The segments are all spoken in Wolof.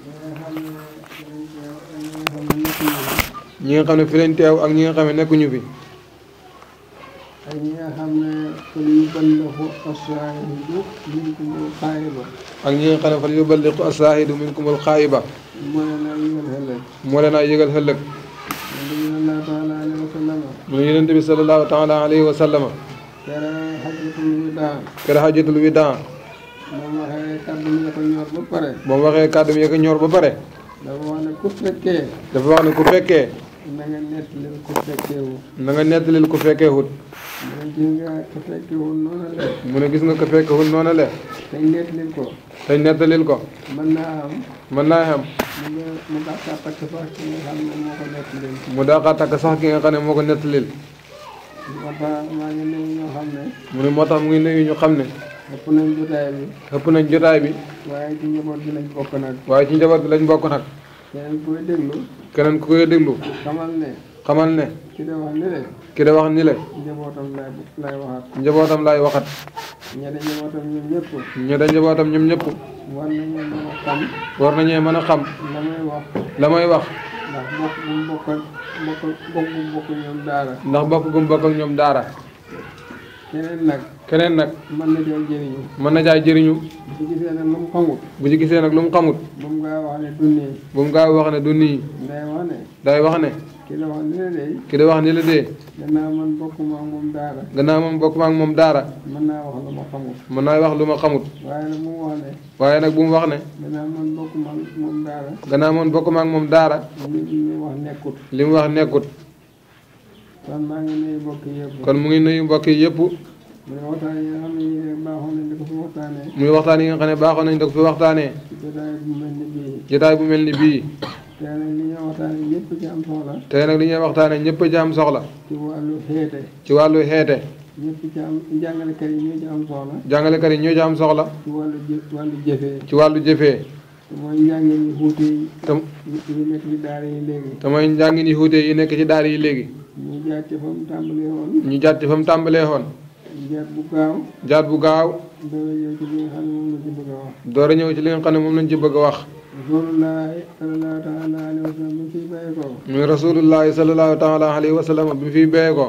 ñi nga xam ne fi leen ak ñi nga xam ne nekkuñu fi. ak ñi nga xam ne fal yuballigu asaahidu minkumul xaayiba. ak ñi xam ne fal yuballigu asaahidu minkumul xaayiba. moo leen a yëgal xëllëg. moo leen a yëgal xëllëg. mu ne yonent bi sallallahu taala alayhi wa sallama. kere waxee kàddu waxee kàddu yi ko ñor ba pare. dafa dafa wax na ku fekkee na nga nettalil ku fekkee wut. ko fekkee wut gis nga ko fekkee wut noonu la. tey nettalil ko. tey nettalil ko. mën naa mën naa am. mu daaxaa takk sax ki nga xam ne moo ko nettalil. mu daaxaa takk sax ki moo ko nettalil. moo tax maa ngi nuyu ñoo moo tax mu ngi nuyu ñu xam ne. ëpp nañ jotaay bi. ëpp nañ jotaay bi. waaye ci njaboot bi lañ bokk nag. waaye ci njaboot bi lañ bokk nag. keneen ku koy déglu. keneen koy déglu. xamal ne. xamal ne. ki wax ni le. ki de wax ni le. njabootam laay waxat. ña de njabootam ñoom ñëpp. njabootam ñoom ñépp war nañoo mën war nañoo mën a xam. la may wax. ndax bokk bu bokk ñoom daara. ndax bokk bu bokk ak ñoom daara. keneen nag. keneen nag. mën na caa jëriñu. mën na caa jëriñu. bu mu xamut. bu ci gisee nag lu mu xamut. bu mu gaa wax ne du mu gaa wax ne du nii. day wax ne. day wax ne. ki da wax ni la dee. ki wax ni la dee. gannaaw man bokkuma ak moom daara. man ak moom daara. mën naa wax lu ma xamut. mën naa wax lu ma xamut. waaye nag bu mu wax ne. waaye nag bu mu wax ne. gannaaw man bokkuma ak moom daara. gannaaw man bokkuma ak moom daara. li mu wax nekkut. li mu wax nekkut. kon maa ngi nuyu mbokk yëpp. kon mu ngi nuyu mbokk yëpp. muy waxtaan yi nga muy waxtaan yi nga xam ne baaxoon nañ ko fi waxtaanee. jotaay bu mel ni bii. jotaay bu mel ni bii. tey nag li ñuy waxtaanee ñëpp ci am soxla. tey ci wàllu xeete. ci wàllu xeete. ñëpp jàngalekat yi ñoo ci am soxla. jàngalekat yi ci wàllu jë wàllu jëfee. te mooy njàngin yi xuute yi. nekk ci daara yi léegi ñu jaate fa mu tàmbalee woon. ñu jaate fa mu tàmbalee woon. jaat bu gaaw. jaat bu gaaw. door a ñëw ci li nga xam ne moom lañ ci bëgg a wax. door a ñëw ci li nga xam ne moom lañ ci bëgg a wax. rasulullahi sallallahu taala alayhi wa sallam bi mu fiy bàyyi ko. muy rasulullahi sallallahu taala alayhi wa sallam bi mu fiy bàyyi ko.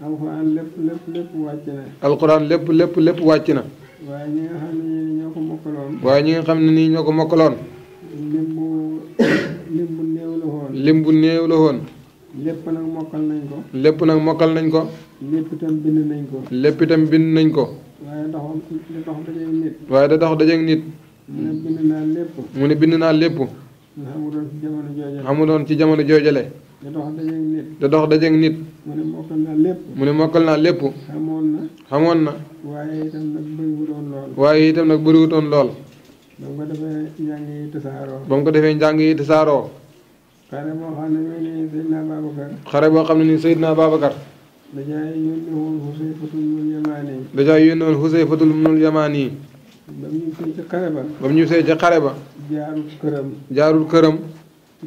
alquran lépp lépp lépp wàcc na. alquran lépp lépp lépp wàcc na. waaye ñi nga xam ne nii ñoo ko mokkaloon. waaye ñi nga xam ne nii ñoo ko mokkaloon. lim bu lim bu néew la woon. lim bu néew la woon. lépp nag mokkal nañ ko. lépp nag mokkal nañ ko. lépp bind nañ ko. lépp itam bind nañ ko. waaye doxam da dox dajeeg nit. waaye da dox dajeeg nit. mu ne bind naa lépp. mu ne bind naa lépp. amuloon ci jamono ci jamono joojale. da dox dajeeg nit. da dox dajeeg nit. mu ne mokkal naa lépp. mu ne mokkal naa lépp. xamoon na. xamoon na. waaye itam nag bëriwutoon lool. waaye itam nag bëriwutoon lool. ba mu defee njàng yi tasaaroo. ba mu defee njàng yi tasaaroo. xare boo xam ne nii Seydina Babacar. xare boo xam ne nii Seydina Babacar. dèjà yónni woon Husayfatul mun Yamaani. dèjà ba mu ñu see ca xare ba. ba mu jaarul këram. jaarul këram. ci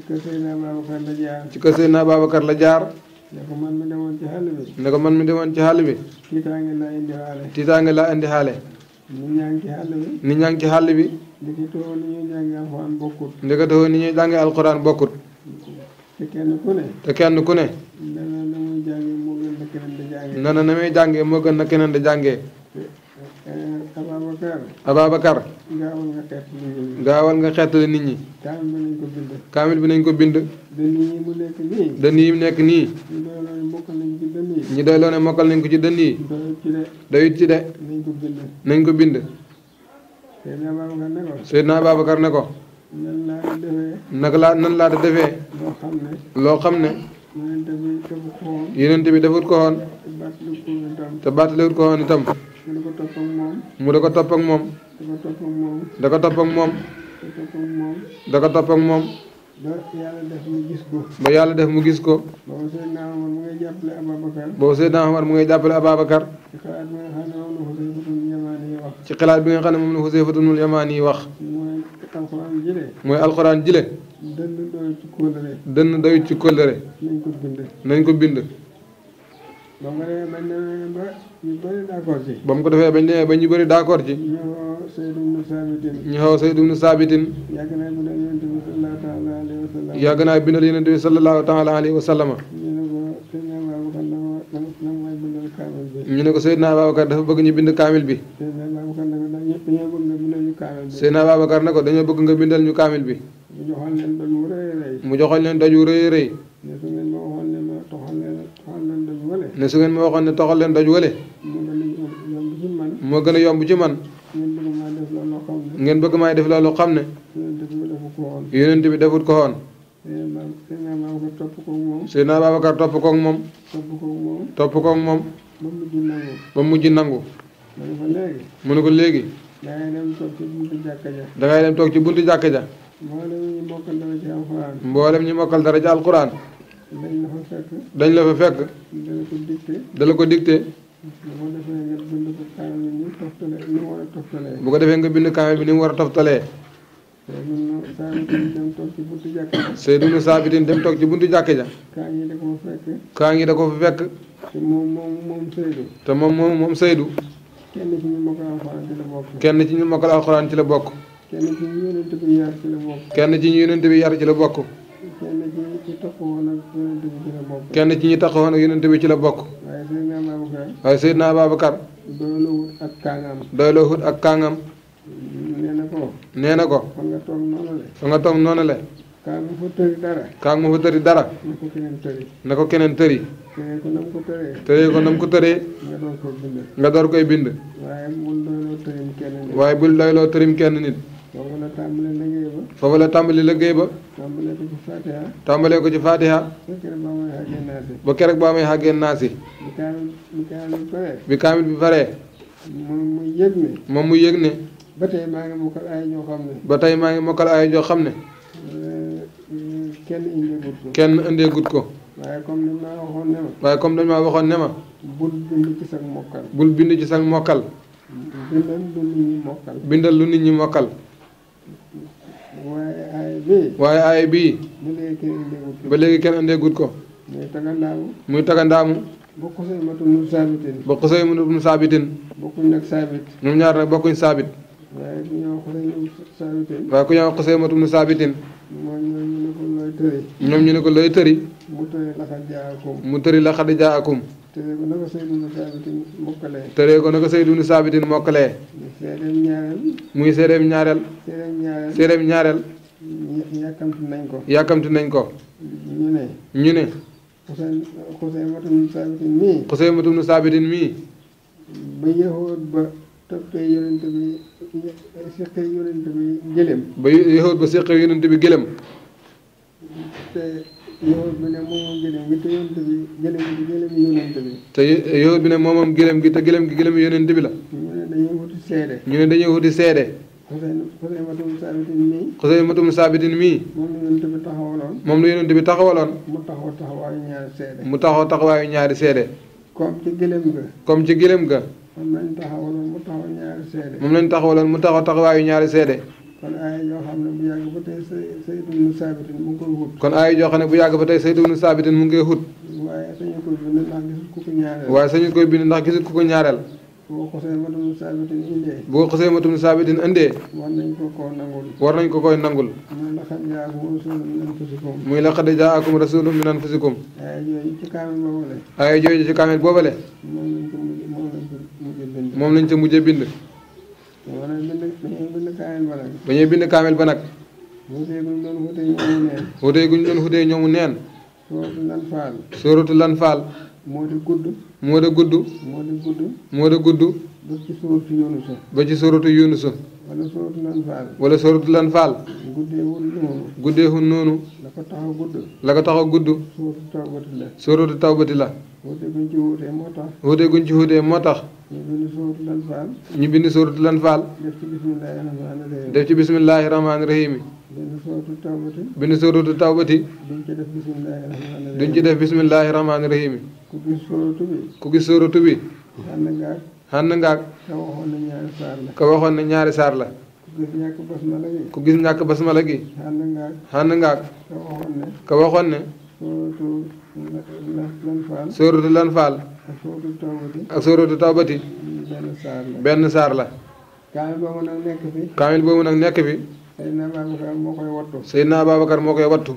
kër Seydina Babacar la jaar. ci kër ko man mi demoon ci xàll bi. ne ko man mi demoon ci xàll bi. tiitaange laa indi xaale. tiitaange laa ñaa ngi ci xàll bi. nit ñaa ngi ci xàll bi. ndeketewoo ni ñuy jàngee alxuraan bokkut. bokkut. te kenn ku ne. nana na muy jàngee moo gën na keneen di jàngee. nana eh, gaawal nga xeet nit ñi. gaawal nga nit ñi. kaamil bi nañ ko bind. kaamil yi mu nekk nii. dënn yi mu nekk nii. ñu doyloo ne mokkal nañ mokkal nañ ko ci dënn yi. doyut ci de. nañ ko bind. nañ ko bind. ne ko. nan laa da laa nan laa loo xam ne. loo xam ne. yonent ko woon. te bàttaliwut ko woon itam. ko topp ak moom. mu da ko moom. da ko topp ak moom. ba yàlla def mu gis ko. ba yàlla def mu gis ko. boobu Seydina Omar mu ngay jàppale Ababacar. mu ngay jàppale Ababacar. ci xalaat bi nga xam ne moom la bi nga xam ne moom la Xuseyfatul Yamaan wax. alxuraan jile. mooy alxuraan jile. dënn doy ci de dënn doy ci kóllëre. nañ ko bind. nañ ko bind. ba mu ko defee bañ ba ñu bëri d'accord ci. ko defee bañ demee ba ñu bëri d'accord ci. ñu xaw Seydou Ibnu Saabitin. naa bindal yonent bi sallallahu taala alayhi wa sallam. ko Seydina Babacar dafa bëgg ñu bind kaamil bi. ñu kaamil bi ko dañoo bëgg nga bindal ñu kaamil bi mu joxoon leen doj wu rëy rëy ne su ngeen ma waxoon ne ma leen toxal leen moo gën a yomb ci man ngeen bëgg maay def la loolu xam ne yonent bi defut ko woon Seydina Babacar topp koog moom topp koog moom ba mujj nangu mu ne ko léegi dangay dem toog ci buntu jàkka ja. dangay dem toog ci buntu jàkka ja. mboolem ñi mokkal dara ci alxuraan. mboolem la fa fekk. ko dicté. bu ko defee nga bind ko bi ni war a toftalee. bu ko defee bi ni mu Saabitin dem toog ci buntu jàkk ja. kaa ngi da ko fa fekk. te moom moom moom Seydou. kenn ci ñu mokkal alxuraan ci la bokk. kenn ci ñu mokkal ci la bokk. kenn ci ñu yonent bi yar ci la bokk. ci la bokk. kenn ci ak yonent bi la bokk. ak yonent nee na ko. fa nga toog noonu la. noonu la. kaa nga fa tëri dara. kaa fa tëri dara. na ko keneen tëri. na ko tëri. ko nam ko tëree. nga door koy bind. nga door koy bind. waaye bul doyloo tërim kenn nit. tërim kenn nit. foofu la tàmbali liggéey ba. tàmbalee ko ci Fatiha. tàmbalee ko ci Fatiha. ba keroog ba may xàggee naasi. bi kaamil bi paree. moom mu yëg ne. ba tey maa ngi mokkal ay joo xam ne. ba tey maa ngi mokkal ay joo xam ne. Eh, kenn indeegut ko. ko. waaye comme dañ waxoon ne ma. waaye waxoon ne bul bind ci sa mokkal. bul bind ci sa mokkal. bindal lu nit ñi mokkal. bindal lu nit ñi mokkal. ba léegi kenn indeegut ko. muy tagandaamu. muy tagandaamu. ba xusay matu nu saabitin. ba xusay matu nu ñaar nag bokkuñ saabit. waaye ku ñëw xusay matu saabitin. waaye ku ñëw xusay matu saabitin. moom ñoom ñu ne ko looy tëri. ñoom ñu ne ko looy tëri. mu tëri la jaakum. mu tëri laxad jaakum. ko na ko Seydou Saabitin mokkalee. tëree ko na ko Seydou nu Saabitin mokkalee. muy seereem ñaareel. muy seereem ñaareel. seereem ñaareel. ñaareel. yàkkamti nañ ko. yàkkamti nañ ko. ñu ne. ñu ne. Xusey Xuseymatu nu Saabitin mii. Xuseymatu nu Saabitin mii. ba yahood ba. toppee yonent bi seqee yonent bi gëlëm. ba yowut ba seqee yonent bi gëlëm. te yowut bi ne moomam gëlëm gi te yonent bi gëlëm gi gëlëm yonent bi. te yowut bi ne moomam gëlëm gi te gëlëm gi gëlëm yonent bi la. ñu ne dañuy wuti seede. ñu ne dañuy wuti seede. xuseymatum saabitin mii. xuseymatum saabitin mii. moom la yonent bi taxawaloon. moom la yonent bi taxawaloon. mu taxaw taxawaayu ñaari seede. mu taxaw taxawaayu ñaari seede. comme ci gëlëm ga. comme ci gëlëm ga. moom lañ taxawaloon mu taxaw ñaari seede. moom lañ taxawaloon mu taxaw taxawaayu ñaari seede. kon aaya joo xam ne bu yàgg ba tey Zayd ibn Saabit mu ngi koy kon aaya joo xam ne bu yàgg ba tey Zayd ibn Saabit mu ngi koy wut. waaye sañu koy bind ndax gisul ku ko ñaareel. waaye sañu koy bind ndax gis ku ko ñaareel. boo xuseymatum saabitin indee. boo xuseymatum saabitin indee. war nañ ko koo nangul. war nañ ko koy nangul. muy laqad jaakum rasulun min anfusikum. muy laqad jaakum rasulun min anfusikum. aaya jooju ci kaamil boobale. aaya moom lañ ca mujjee bind. ba ñuy bind kaamil ba nag. wutee guñ doon wutee ñoomu neen. wutee guñ doon wutee ñoomu neen. sóoratu lan faal. sóoratu lan faal. moo di gudd. moo di gudd. moo di gudd. moo di gudd. ba ci suratu yunusa. ba wala suratu lan faal. wala suratu lan faal. noonu. guddeewul noonu. la ko taxa gudd. la ko tax gudd. suratu tawbati la. suratu tawbati la. wuute ci wuutee moo tax. wuute ñu bind suratu lan faal. ñu bind suratu ci bismillaahi rahmaani rahiim. def ci bismillaahi rahmaani rahiim. tawbati. duñ ci def bismillaahi rahmaani rahiim. duñ ku gis sóoratu bi. ku gis sóoratu bi. xànn ngaag. xànn ngaag. ka waxoon ne ñaari saar la. ku gis ñàkk basmala gi. ku gis ñàkk basmala gi. ngaag. ka waxoon ne. ka waxoon ne. lan faal. ak sóoratu tawbati. benn saar la. benn saar kaamil boobu nag nekk fi. moo koy wattu. Seydina Babacar moo koy wattu.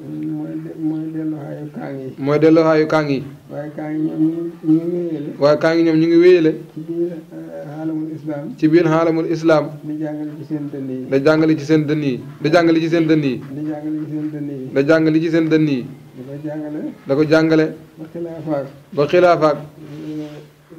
mooy mooy delluwaayu kaang yi. mooy delluwaayu kaang yi. waaye kaang yi ñoom ñu ngi wéyale. waaye kaang yi ñoom ñu ngi wéyale. ci biir eh, xaalamul islam. ci biir xaalamul islam. di jàngale ci seen dënn yi. da jàngale ci seen dënn yi. da jàngale ci seen dënn yi. da jàngale ci seen dënn yi. da jàngale ci seen dënn yi. da ko jàngale. da ko jàngale. ba xilaafaak. ba xilaafaak.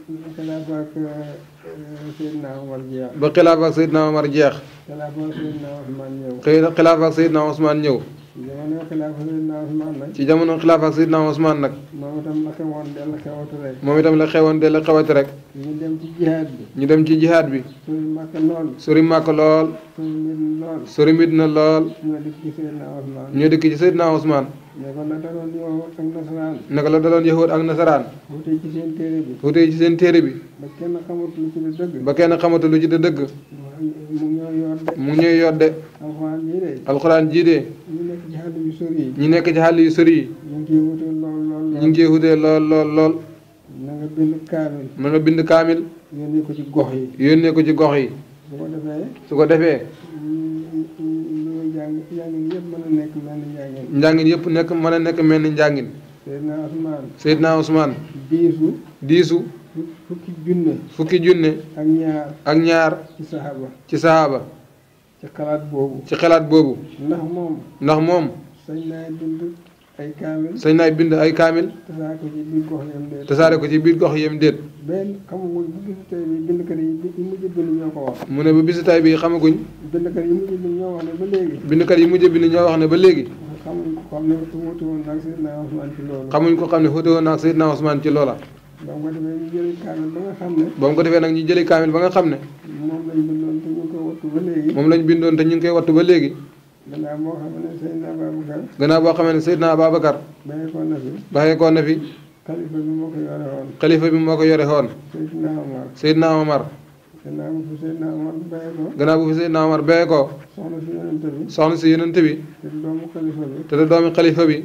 ba xilaafaak eh, eh, Seydina Omar jeex. ba xilaafaak Seydina Omar jeex. xilaafaak Seydina Ousmane ñëw. xilaafaak Seydina Ousmane ñëw. ci jamono xilaafa Seydina Ousmane nag. ci jamono xilaafa Seydina Ousmane nag. moom itam la xewoon dell moom itam la xewoon dell xewati rek. ñu dem ci jihaad bi. ñu dem ci jihaad bi. sori màkk lool. sori màkk lool. sori mbir na lool. ñoo dëkk ci Seydina Ousmane. ñoo la daloon yahood ak nasaraan. naka ci seen téere bi. wutee ci seen téere bi. ba kenn xamatu lu ci ci dëgg. mu ngi ñoo yor de. alxuraan jii de. nekk ci xàll yu sori yi. ñi nekk ci xàll yu sori yi. ñu ngi ciy lool lool. ngi ciy wute lool lool lool. na nga bind kaamil. na nga bind kaamil. yónnee ko ci gox yi. yónnee ko ci gox yi. su ko defee. su ko defee. njàngin yëpp mën a nekk yëpp nekk mën a nekk mel ni njàngin. Seydina Ousmane. Seydina Ousmane. diisu. diisu. fukki junne. fukki junne. ak ñaar ak ñaar. ci saxaaba ci saxaaba. ci xalaat boobu. ci xalaat boobu. ndax moom. ndax moom. sañ naay bind ay kaamil. sañ naay bind ay kaamil. tasaare ko ci biir gox yem déet. tasaare ko ci biir gox yem déet. benn xamaguñ bu bisu tay ko wax. mu ne bu bisu tay bi xamaguñ. bindkat wax ne ba léegi. bindkat yi mujj bind ñoo wax ne ba léegi. xamuñ ko xam ne wuute woon na xam ne wuute woon na ak Seydina Ousmane ci loola. ba mu ko defee ñu jëlee kaamil ba nga xam ne. ba nag ñu jëlee kaamil ba nga xam ne. moom lañ bindoon te ñu ngi koy wattu ba léegi. moom boo xam ne Seydina Babacar. gannaaw boo xam ne na fi. bàyyeekoon na fi. bi moo yore woon. xalifa bi moo ko si yonent bi. soxna te bi. te doomu xalifa bi.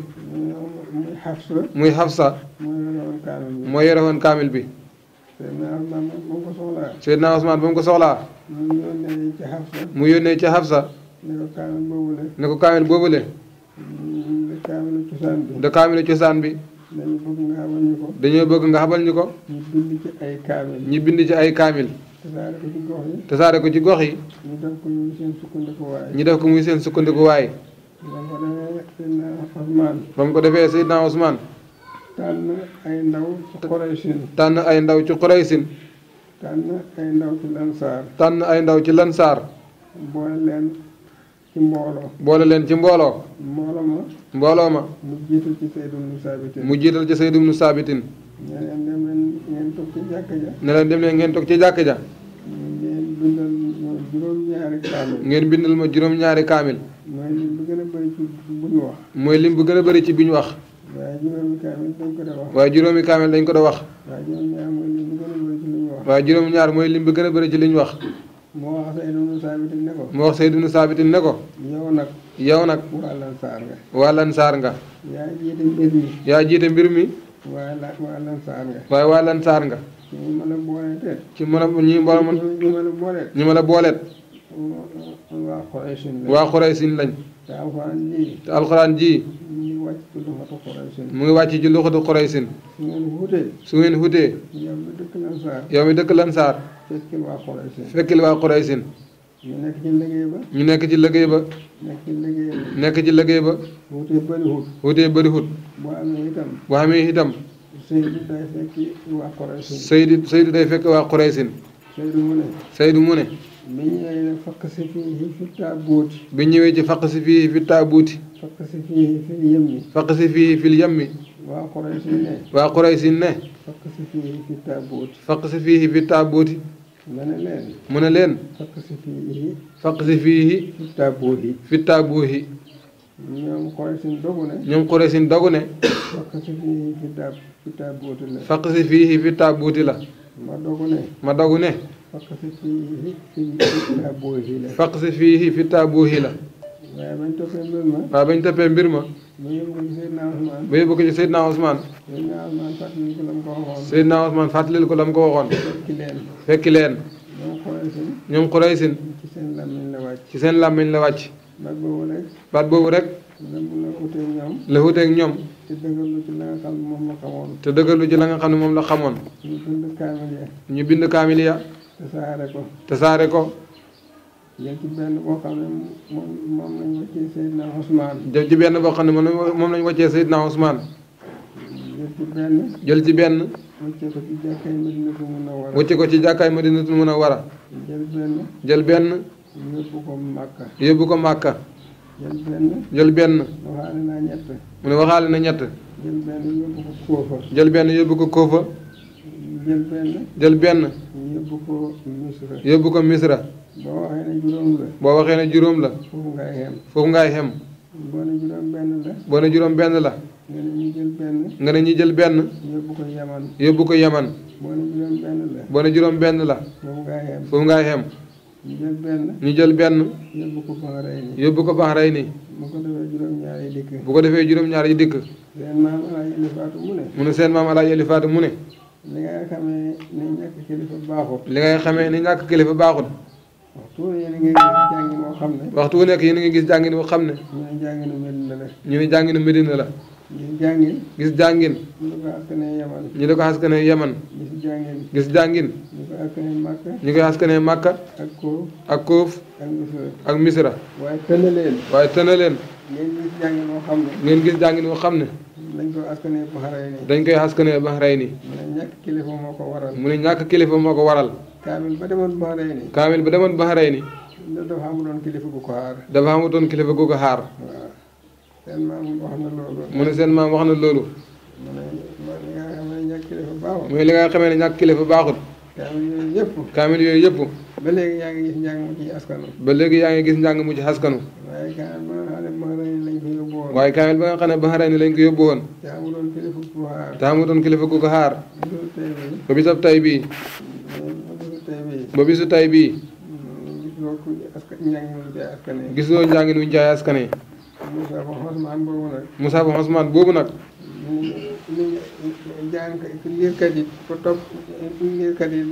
muy Hafsa. muy Hafsa. mooy yore woon kaamil bi. Seydina Ousmane ba mu ko soxlaa. mu yónnee ci Hafsa. mu yónnee ci Hafsa. ne ko kaamil boobule. ne ko kaamil boobule. de kaamilu cosaan bi. dañu bëgg nga xamal ñu ko. dañoo ñu ko. ñu bind ci ay kaamil. tasaare ko ci gox yi. ko ci gox ñu def ko muy seen sukkandikuwaay. ba mu ko defee Seydina ndaw ci tànn ay ndaw ci Quraysin. tànn tànn ay ndaw ci Lansaar. boole leen ci boole leen ci mbooloo. mbooloo ma. mbooloo mu jiital ci Seydou Moussa Saabitin. mu ne leen dem ngeen toog ci jàkka ja. ne leen ngeen toog ci jàkka ja. ngeen bindal ma juróom ñaari kaamil. mooy lim bu gën a bari ci bu ñu wax. mooy lim waaye juróomi kaamil dañ ko da wax. waaye juróomi kaamil dañ ko da wax. waaye juróom-ñaar mooy lim bu gën a bëri ci li wax. gën a ci li wax. moo wax Seydou Saabitin ne ko. ne ko. yow nag. yow nag. waa Lansaar nga. waa nga. yaa jiite mbir mi. yaa jiite mbir mi. waaye la waa nga. waaye waa Lansaar booleet. waa Quraysin lañ waa Quraysin lañ. te alxuraan ji. te alxuraan ji. mu ngi wàcc ci luxatu Quraysin. mu su ngeen hutee. su mi dëkk Lansaar. fekkil waa Quraysin. fekkil waa nekk ci liggéey ba. nekk ci liggéey ba. nekk ci hutee bëri hut. hutee amee itam. boo day fekk waa Quraysin. Seydou Seydou mu ne. Seydou mu ne. bi ñëwee si bi ñëwee ci fakk si fii fi taabuuti. fakk si fii fil yemmi. fakk si fi taabuuti. fakk si fii fi taabuuti. mu ne leen. mu fi fi taabuuhi. ñoom Quraysh dogu ne. ñoom Quraysh dogu ne. fakk la. fakk si fii fi taabuuti la. ma dogu ne. ma dogu ne. faqsi fiihi fi taabuuhi la waaye bañ toppee mbir ma waaye bañ toppee mbir ma ba yóbbu ko ci Seydina Ousmane ba yóbbu ko ci Seydina Ousmane Seydina Ousmane fàttalil ko la mu ko waxoon fekki leen ñoom Quraysin ci seen làmmiñ la wàcc baat boobu rek la wuteeg ñoom te dëggalu ci la nga xam ne moom la xamoon te dëggalu ci la nga xam moom la xamoon ñu bind kaamil ya tasaare ko saare ko jël ci benn boo xam ne moom moom lañ wàccee Seydina Ousmane jël ci benn boo xam jël ci benn jël ko ci jàkkaay Madinatul Munawwara wàcce ko ci jàkkaay Madinatul jël benn jël benn benn jël benn waxaale mu ne waxaale na ñett jël benn yóbbu ko Kóofa jël benn yóbbu ko Kóofa jël benn. jël boo waxee ne juróom la. boo ngaay xem. foofu la. boo jël benn. ko Yaman. yóbbu ko Yaman. boo jël benn. ñu jël ko defee juróom-ñaar seen maam Alaaji Elifaatu mu ne. mu ne. li ngay xamee ni ñàkk kilifa baaxut. li ngay xamee ni ñàkk kilifa baaxut. waxtu wu yéen a ngi gis jàngin boo ne. waxtu yéen a ngi gis jàngin boo xam ne. ñu ne jànginu Medina la. ñu ne jànginu gis jàngin. gis gis jàngin. gis jàngin. ak Kóof. ak Kóof. ak Misra. ak Misra. waaye tënna leen. waaye tënna leen. ngeen gis jàngin boo xam ne. ngeen gis jàngin boo xam ne. dañ koy askanee Bahrayn yi. dañ koy askanee Bahrayn yi. mu ne ñàkk kilifa moo ko waral. mu ne ñàkk kilifa moo ko waral. kaamil ba demoon Bahrayn yi. kaamil ba demoon Bahrayn yi. dafa amutoon kilifa gu ko xaar. dafa amutoon kilifa gu ko xaar. seen maam wax na loolu. mu ne seen maam wax na loolu. mu ne li nga xam ne ñàkk kilifa baaxul. baaxul. kaamil yooyu yépp ba léegi yaa ngi gis njàng mu ci askanu. ba léegi yaa ngi gis njàng mu ci askanu. waaye kaamil ba nga xam ne lañ ko yóbbu woon. ba nga xam ne ko yóbbu te amu doon kilifa ku ko xaar. te amu doon kilifa ku ko tay bii. ba bisu tay bii. gisoo njàng nu jaay askane. Moussa Ba Ousmane boobu nag. jàngkat liirkat yi pour topp liirkat yi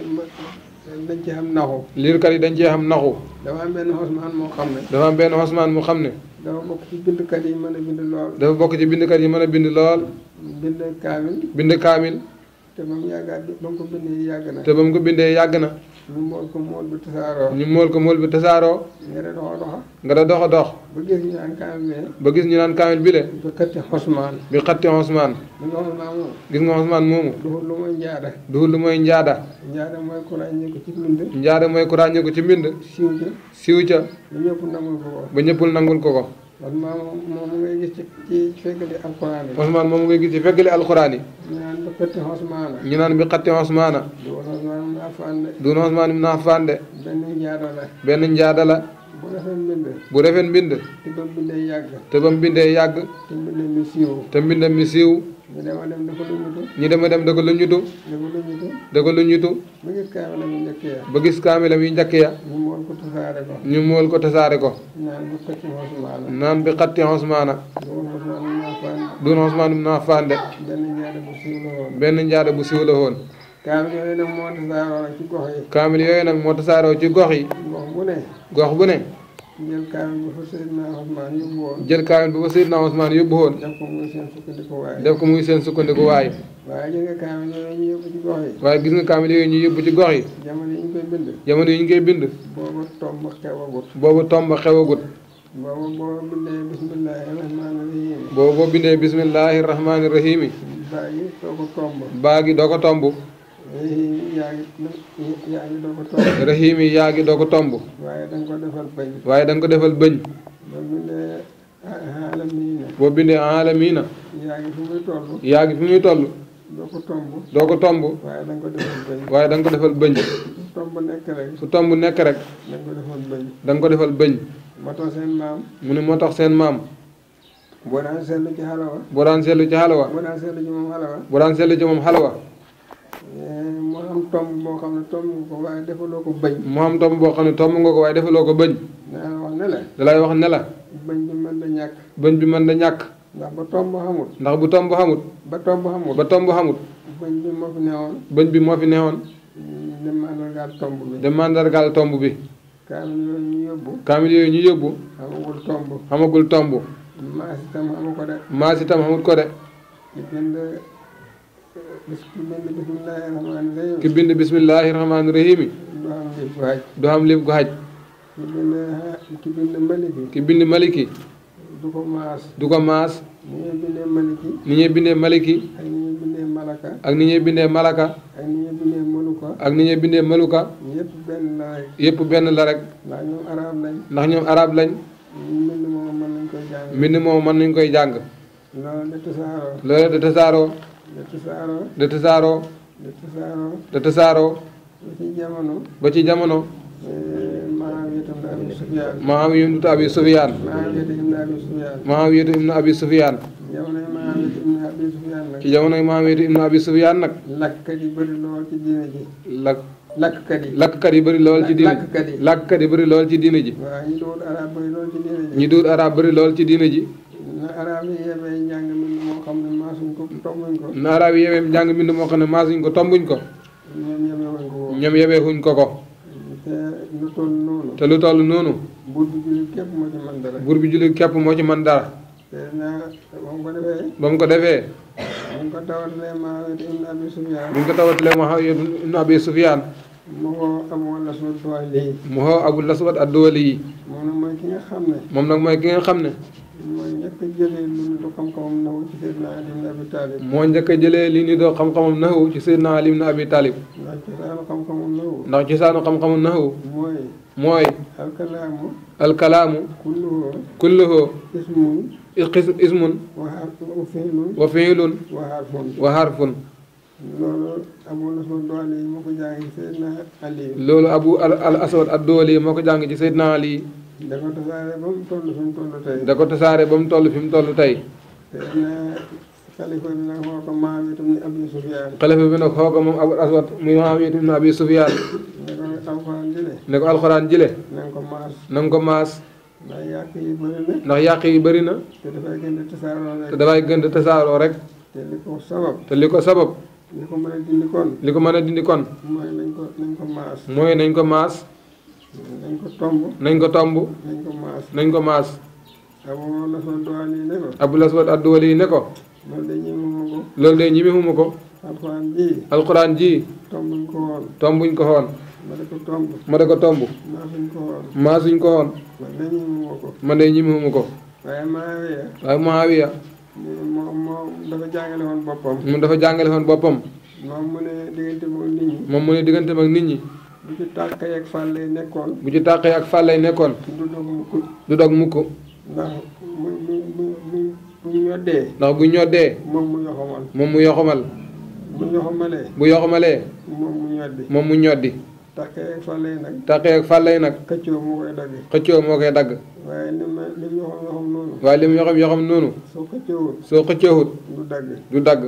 dañ ci xam naxu. liirkat yi dañ cee xam naxu. dafa am benn Ousmane moo xam ne. dafa am benn Ousmane moo xam ne. dafa bokk ci bindkat yi mën a bind lool. dafa bokk ci bindkat yi mën a bind lool. bind kaamil. bind kaamil. te ba mu yàggaat ba mu ko bindee yàgg na. te ba mu ko bindee yàgg na. ñu mool ko mool bi tasaaroo. ñu mool ko mool bi tasaaroo. nga da dox a dox. ba gis ñu naan kaamil bi ba gis ñu naan kaamil bi le. bi xatti xosmaan. bi xatti xosmaan. gis nga xosmaan moomu. gis lu mooy njaada. duhul lu mooy njaada. njaada mooy ku ràññee ko ci mbind. njaada mooy ku ràññee ko ci mbind. siiw ca siiw ca. ba ñëpp nangul ko ko. Usmaan moom ngay gis ci ci feggali alxuraan yi. Usmaan moom bi xatti Usmaana. ñu bi xatti Usmaana. du Usmaan ibn Affaan de. benn njaada bu rafet mbind. bu rafet mbind. te ba mbindee yàgg. te ba mbindee yàgg. te mbind ñu dem a dem da ko luñutu. ñu dem a dem ba gis kaamilam yu njëkk ya. ñu mool ko tasaare ko. ñu mool ko naan bi xatti Usmaana. naan bi xatti bu siiw la woon. benn njaada bu siiw la kaamil yooyu nag moo tasaaroo ci gox yi. kaamil yooyu nag moo tasaaroo ci gox yi. gox bu ne. gox bu ne. jël kaamil bu fa Seydina Ousmane yóbbu woon. jël kaamil bu fa Seydina Ousmane yóbbu woon. def ko muy seen sukkandiku waay. def ko muy seen sukkandiku waaye gis nga kaamil yooyu ñu yóbbu ci gox yi. waaye gis nga kaamil yooyu ñu yóbbu ci gox yi. jamono yi ñu koy bind. jamono yi ñu koy bind. boobu tomb xewagut. boobu tomb boobu boobu bindee bismillahi rahmaani rahim. baa gi doo ko tomb. baa gi doo ko tomb. yaa ngi doog a tomb. rahim yi yaa ngi doog waaye da ko defal bëñ. waaye boo bindee aalamiina. yaa ngi fi ngi fi muy toll. doo ko tomb. doo ko tomb. waaye da ko defal bëñ. waaye da ko defal bëñ. su tomb nekk rek. su nekk rek. da ko defal bëñ. da nga ko defal bëñ. moo tax seen maam. mu ne moo tax seen maam. boo daan seetlu ci xalawa. boo daan seetlu ci xalawa. boo daan seetlu ci moom boo daan seetlu ci moom xalawa. Eh, moo am tomb boo xam ne tomb nga ko waaye defaloo ko bëñ. moo am tomb boo xam ne tomb nga ko waaye defaloo ko bëñ. dalay wax ne la. dalay wax ne la. bi mën da ñàkk. ndax ba tomb ndax bu tomb xamut. ba tomb xamut. bi moo fi bi moo fi newoon. di mm, tomb bi. di mandargaal tomb bi. kaamil yooyu xamut ko de. maas itam xamut ko de. ki bind bismillaahi rahmaani rahiim. du ki bind maliki. ki bind bindee maliki. ni ñuy bindee maliki. ak ni ñuy bindee malaka. ak ni ñuy bindee malaka. ak ni ñuy bindee maluka. ak benn la rek. ndax ñoom arab lañ. mbind moomu mën nañ koy mën nañ koy jàng. loolu de tasaaroo. da saaro da saaro ba ci jamono ba ci jamono Muawiya ibn Abi Sufyaan Muawiya ibn Abi Sufyaan ci jamonoy Muawiya ibn Abi Sufyaan nag lakkat yi bëri lool ci diine ji lakk lakkkat yi yi bëri lool ci diine ji lakkkat yi lool ci diine ji ñi duut lool ci diine ji ñi duut arab lool ci diine tombuñ ko. naaraaw yebeem njàng mbind moo xam ne maasuñ ko tombuñ ko. ñoom yebeewuñ ko ko. ñoom yebeewuñ ko ko. te lu toll noonu. te lu toll noonu. buur bi jullit képp moo ci mën dara. buur bi jullit képp moo ci mën dara. te naa ba mu ko defee. ba mu ko defee. bu ñu ko tawatalee Muawiya ibn Abi Sufyaan. bu ñu ko tawatalee Muawiya ibn Abi Sufyaan. mu xoo Abul Aswad ad-Duwali. mu xoo Abul Aswad ad-Duwali. moom nag mooy ki nga xam ne. moom nag mooy ki nga xam ne. mooy njëkk jëlee li ñu doon xam-xamam nawu ci Seydina Ali ibn Abi Talib. moo njëkk jëlee li ñu doon xam-xamam nawu ci Seydina Ali ibn Abi Talib. ndax ci xam xam-xamam nawu. mooy. alkalaamu. alkalaamu. kulluhu. kulluhu. ismun. ismun. wa fiilun. wa harfun. wa harfun. loolu abu al aswad doole yi moo ko jàng ci Seydina Ali. loolu abu da ko tasaare ba mu toll fi mu toll tey. da ko tasaare ba mu toll fi mu toll tey. te ne xalifa bi nag xoo ne ko alxuraan jile. ne ko alxuraan jile. na ko maas. na ko maas. ndax yàq yi bëri na. ndax te dafay gën di tasaaroo rek. te li ko sabab. te li ko mën a dindi kon. li ko mën a dindi kon. mooy nañ ko maas. mooy nañ ko maas. nañ ko tomb. nañ ko tomb. nañ ko maas. nañ ko maas. Abul Aswad Adduwali ne ko. loolu de ñemewuma ko. ko. alxuraan ji. alxuraan ji. tombuñ ko woon. tombuñ ko woon. ma da ko tomb. ma da ko tomb. maasuñ ko woon. maasuñ ko woon. man de ñemewuma ko. man de ñemewuma ko. waaye Muawiya. waaye Muawiya. moom moom dafa jàngale woon boppam. moom dafa diggante ak nit ñi. bu ci tàqee ak fàll nekkoon. bu ci tàqee ak fàll nekkoon. du dog mukk. du dog mukk. mu mu mu bu ñoddee. ndax bu ñoddee. moom mu yoxamal. moom bu yoxamalee. moom mu ñoddi. moom mu ñoddi. tàqee ak fàll nag. tàqee ak fàll nag. xëccoo moo koy dagg. waaye li mu yoxam yoxam noonu. waaye li soo xëccoowut. soo xëccoowut. du dagg. du dagg.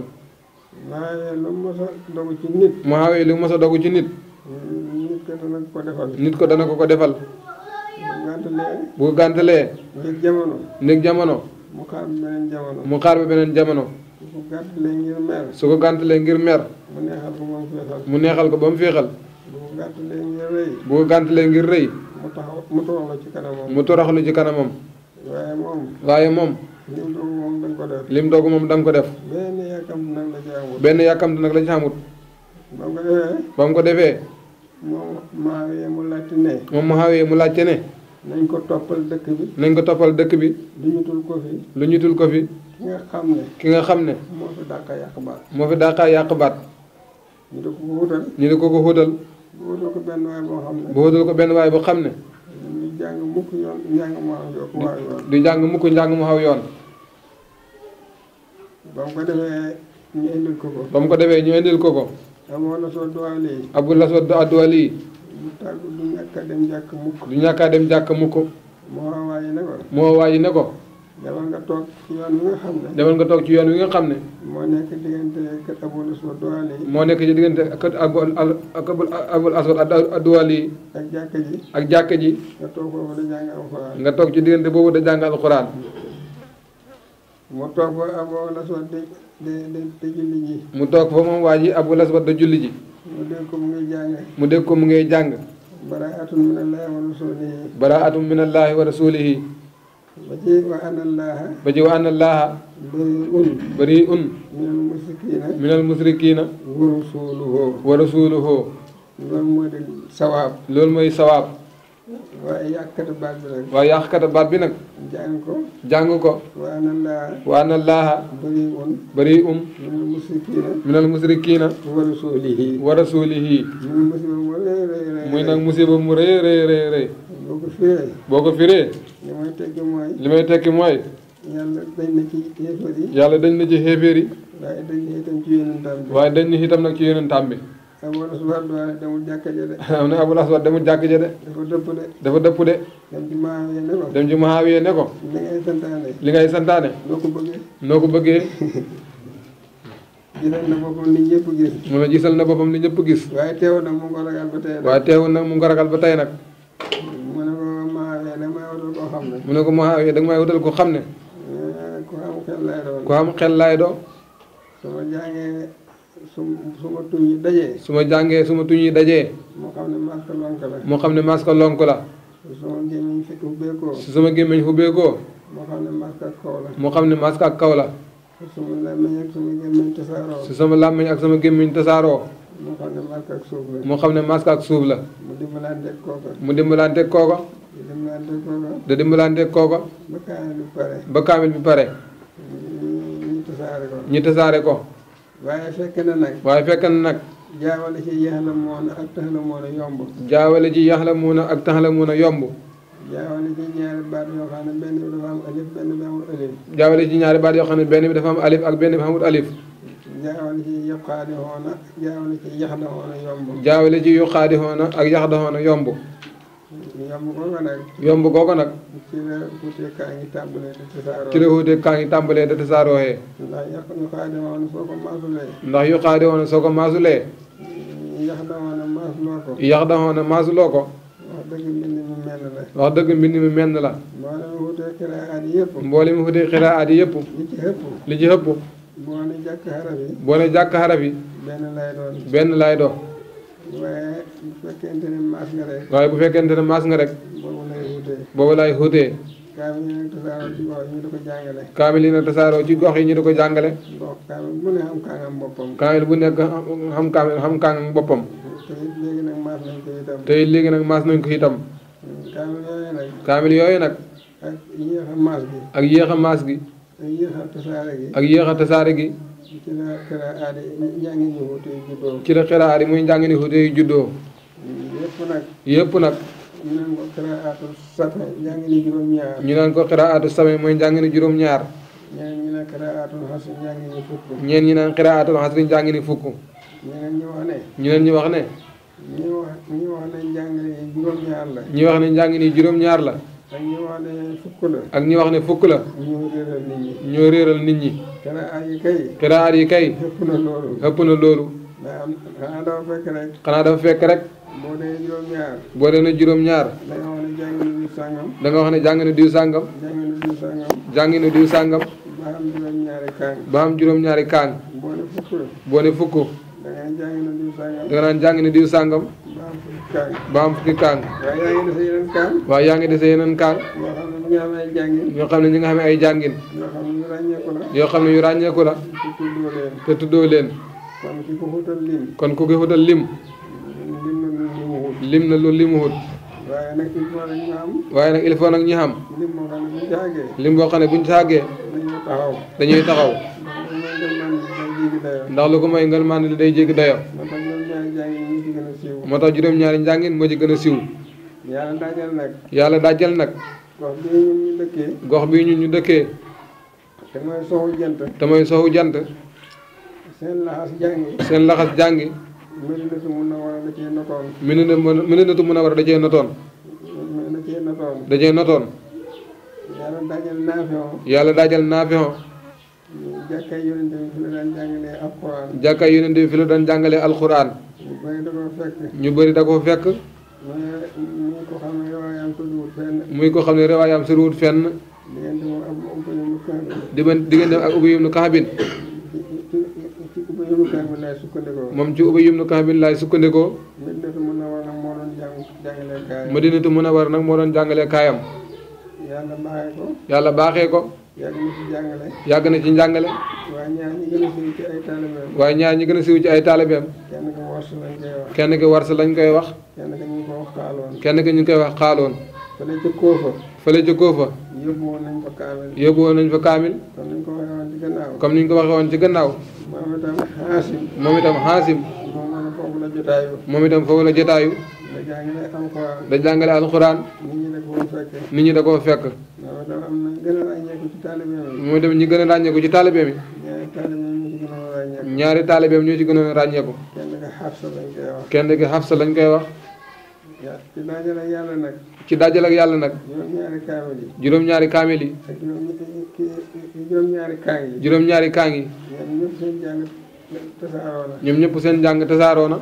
waaye lu lu mos a dogu ci nit. nit ko dana ko ko defal. nit ko dana ko ko defal. bu gàntalee. bu gàntalee. nekk jamono. nekk jamono. mu xaar ba beneen jamono. mu xaar ngir meer mu neexal ko ba mu féexal. mu neexal ko ba mu féexal. bu ko ngir rëy. mu taxaw mu toroxlu ci kanamam. waaye moom. waaye moom. lim doogu moom da ko def. lim ko def. benn yàkkamti nag la ci amut. benn yàkkamti ba mu ko defee. moom Muhaawiya mu laajte ne. moom Muhaawiya mu laajte ne. nañ ko toppal dëkk bi. nañ ko toppal dëkk bi. lu ñutul ko fi. lu ñutul ko fi. ki nga xam ne. ki nga xam ne. moo fi dàqa yàq baat. moo fi dàqa yàq baat. ñu di ko ko wutal. ko bu wutal ko benn waay boo xam ne. bu xam ne. du jàng mukk njàng jàng mukk njàng mu aw yoon. ba mu ko defee ñu indil ko ko. ba mu ko defee ñu indil ko ko. abu la soo doyalee. abu la soo doyalee. du tàgg du ñàkk a dem jàkk mukk. du ñàkk a dem jàkk mukk. moo waayi ne ko. moo waayi ne ko. demal nga toog ci yoon wi nga xam ne. toog ci yoon wi nga xam ne. moo nekk diggante kër Abul Aswad Duwali. moo nekk ci diggante kër Abul ak jàkka ji. ak jàkka ji. nga toog foofu da jàng alxuraan. nga toog ci diggante boobu da jàng alxuraan. mu toog ba Abul Aswad di. mu toog fa moom waa ji Abu Lasbat da julli ji mu dégg ko mu ngi jàng mu dégg ko mu ngay jàng baraatun min allahi wa rasulihi baraatun min allahi wa rasulihi ba ji wa an allaha ba ji wa an allaha bariun bariun min al wa rasuluhu wa loolu mooy sawaab loolu mooy sawaab waaye yàqkatu baat bi nag. waaye yàqkatu baat bi nag. jàng ko. jàng ko. waa na laaha. waa na laaha. bëri um. bëri um. minal musrikiina. minal musrikiina. wa rasuulihi. wa rasuulihi. muy nag musiba mu rëy rëy rëy rëy. boo ko firee. boo ko firee. li may tekki mooy. li may tekki mooy. yàlla dañ na ci xeeféer yi. yàlla dañ na ci xeeféer yi. waaye dañ na itam ci yonentaam bi. waaye dañ na itam nag ci yonentaam bi. abul aswad waaye demul jàkka ja de. am na abul aswad demul jàkka ja de. dafa dëpp de. dafa dëpp de. dem ci Muawiya ne ko. dem ci Muawiya ne ko. li ngay santaane. li ngay santaane. noo ko bëggee. noo ko bëggee. gisal na boppam li ñëpp gis. mu ne gisal na boppam li ñëpp gis. waaye teewul nag mu ngi ko ragal ba tey nag. waaye teewul nag mu ngi ko ragal ba tey nag. mu ne ko Muawiya danga may wutal koo xam ne. mu ne ko Muawiya danga may wutal koo xam ne. Eh, ku am xel laay doon. ku am xel laay doon. soo jàngee. su su ma jàngee su ma dajee. moo xam moo xam ne masque lonk la. su sama gémmiñ fi ubbeekoo. moo xam ne masque ak kaw sama làmmiñ ak sama gémmiñ tasaaroo. su sama làmmiñ ak moo xam ne masque ak suuf la. mu dimbalanteeg kooka. mu dimbalanteeg kooka. da dimbalanteeg kooka. ba kaamil bi pare. ñu tasaare ñu tasaare ko. waaye fekk na nag. waaye fekk na nag. jaawale ji yaxlamuuna ak taxlamuuna la jaawale ji ak taxlamuuna yomb. jaawale ji ñaari baat yoo benn bi dafa am alif jaawale ji ñaari baat yoo xam ne benn bi dafa am alif ak benn bi amul alif. jaawale ji yuqaadi hoona jaawale yomb. jaawale ji yuqaadi yomb. yomb googu nag. yomb googu nag. ci la wuute kaa ngi tàmbalee da tasaaroo. ci la ndax yu xaade woon soo ko maasulee. ndax yu xaade woon soo ko maasuloo ko. wax dëgg mbind mi menn la. wax dëgg mbind mi menn yi xiraat yi yëpp. li ci ëpp. li ci ëpp. boo ne jàkk xarab yi. jàkk xarab yi. benn lay doon. waaye bu fekkente ne maas nga rek. waaye bu fekkente ne maas nga rek. boobu lay wutee. boobu lay wutee. kaamil yi nag tasaaroo ci yi ñu di ko jàngale. kaamil yi bu ne xam kaangam boppam. léegi nag maas nañ ko yooyu nag. kaamil yooyu nag. ak yéex a maas gi. ak yéex a gi. ak yéex tasaare gi. ci la xiraat yi njàngin yu wuute yi yu juddoo. yëpp nag. yëpp nag. ñu naan ko xiraatu same njàngini juróom-ñaar. ñu naan ko xiraatu same mooy njàngini juróom-ñaar. ñeneen ñi naan xiraatu xas njàngini fukk. ñeneen ñi naan xiraatu xas njàngini fukk. ñeneen ñi wax ne. ñeneen ñi wax ne. ñi wax ñi wax ne njàngini juróom juróom-ñaar la. ak ñi wax ne fukk la. ak ñi wax ne fukk la. ñoo réeral nit ñi. ñoo réeral yi kay. xiraar yi kay. ëpp na loolu. ëpp na loolu. xanaa dafa fekk rek. xanaa boo dee juróom-ñaar. na juróom-ñaar. da wax ne jàng na diw sàngam. da nga wax ne jàng na diw sàngam. ba am juróom-ñaari kaang. boo ne fukk. boo ne fukk. da ngay jàng na diw sàngam. da nga am fukki kaang. waaw yaa ngi dese yeneen kaang. waaw yaa ñoo xam ne ñi nga xam ay jàngin. yoo xam ne yu ràññeeku la. te tuddoo leen. kon ku ko xutal lim. kon ku ko lim. lim na lu limuhut. waaye nag il faut nag ñu xam. waaye nag il faut nag ñu xam. lim boo xam ne buñ ci lim boo xam ne buñ ci dañuy taxaw. ndax lu ko mooy ngërmaande li day jéggi dayo moo tax juróom-ñaari njàngin moo ci gën a siiw yàlla dajal nag yàlla dajal nag gox bi ñu dëkkee gox bi ñun ñu dëkkee te mooy soxu jant te mooy soxu jant seen laxas jàngi seen laxas jàngi Medinatu Munawara da cee notoon Medinatu notoon da notoon yàlla dajal naafeexo jàkka yonente bi fi la daan jàngalee alxuraan. jàkkaay yonente ñu bari da koo fekk. koo muy ko xam ne rewaayaam soriwut fenn. muy fenn. diggante ak ubbi yum nu kaxabin. diggante diggante ak ubbi yum nu kaxabin. ci sukkandikoo. moom ci ubbi yum nu kaxabin laay sukkandikoo. Madinatu Munawwara nag moo doon jàngalee kaayam. Madinatu nag moo doon jàngalee kaayam. yàlla baaxee ko. yàgg na ci njàngale. ci njàngale. waaye ñaar ñi gën a siiw ci ay taalibeem. waaye ñaar ñi gën a siiw ci ay taalibeem. kenn ki war sa koy lañ koy wax. kenn ki ñu ngi koy kenn ki ñu ngi koy wax xaaloon. fële ca Koofa. fële ca Koofa. nañ fa kaamil. yóbbu woon nañ fa kaamil. comme ni ñu ko waxee woon ci gannaaw. comme ni ñu ko waxee ci gannaaw. moom itam xaasim. moom itam xaasim. moom itam foofu la moom itam foofu la jotaayu. da jàngale alxuraan. nit ñi da koo fekk. moo dem ñi gën a ràññeeku ci taalibe mi. ñaari taalibeem ñoo ci gën a ràññeeku. kenn gi xafsa lañ koy wax. ci dajal yàlla nag. ci dajal yàlla nag. juróom-ñaari kaamil yi. juróom-ñaari kaamil yi. juróom-ñaari kaang yi. juróom-ñaari kaang yi. ñoom ñëpp seen jàng tasaaroo ñoom seen jàng tasaaroo na.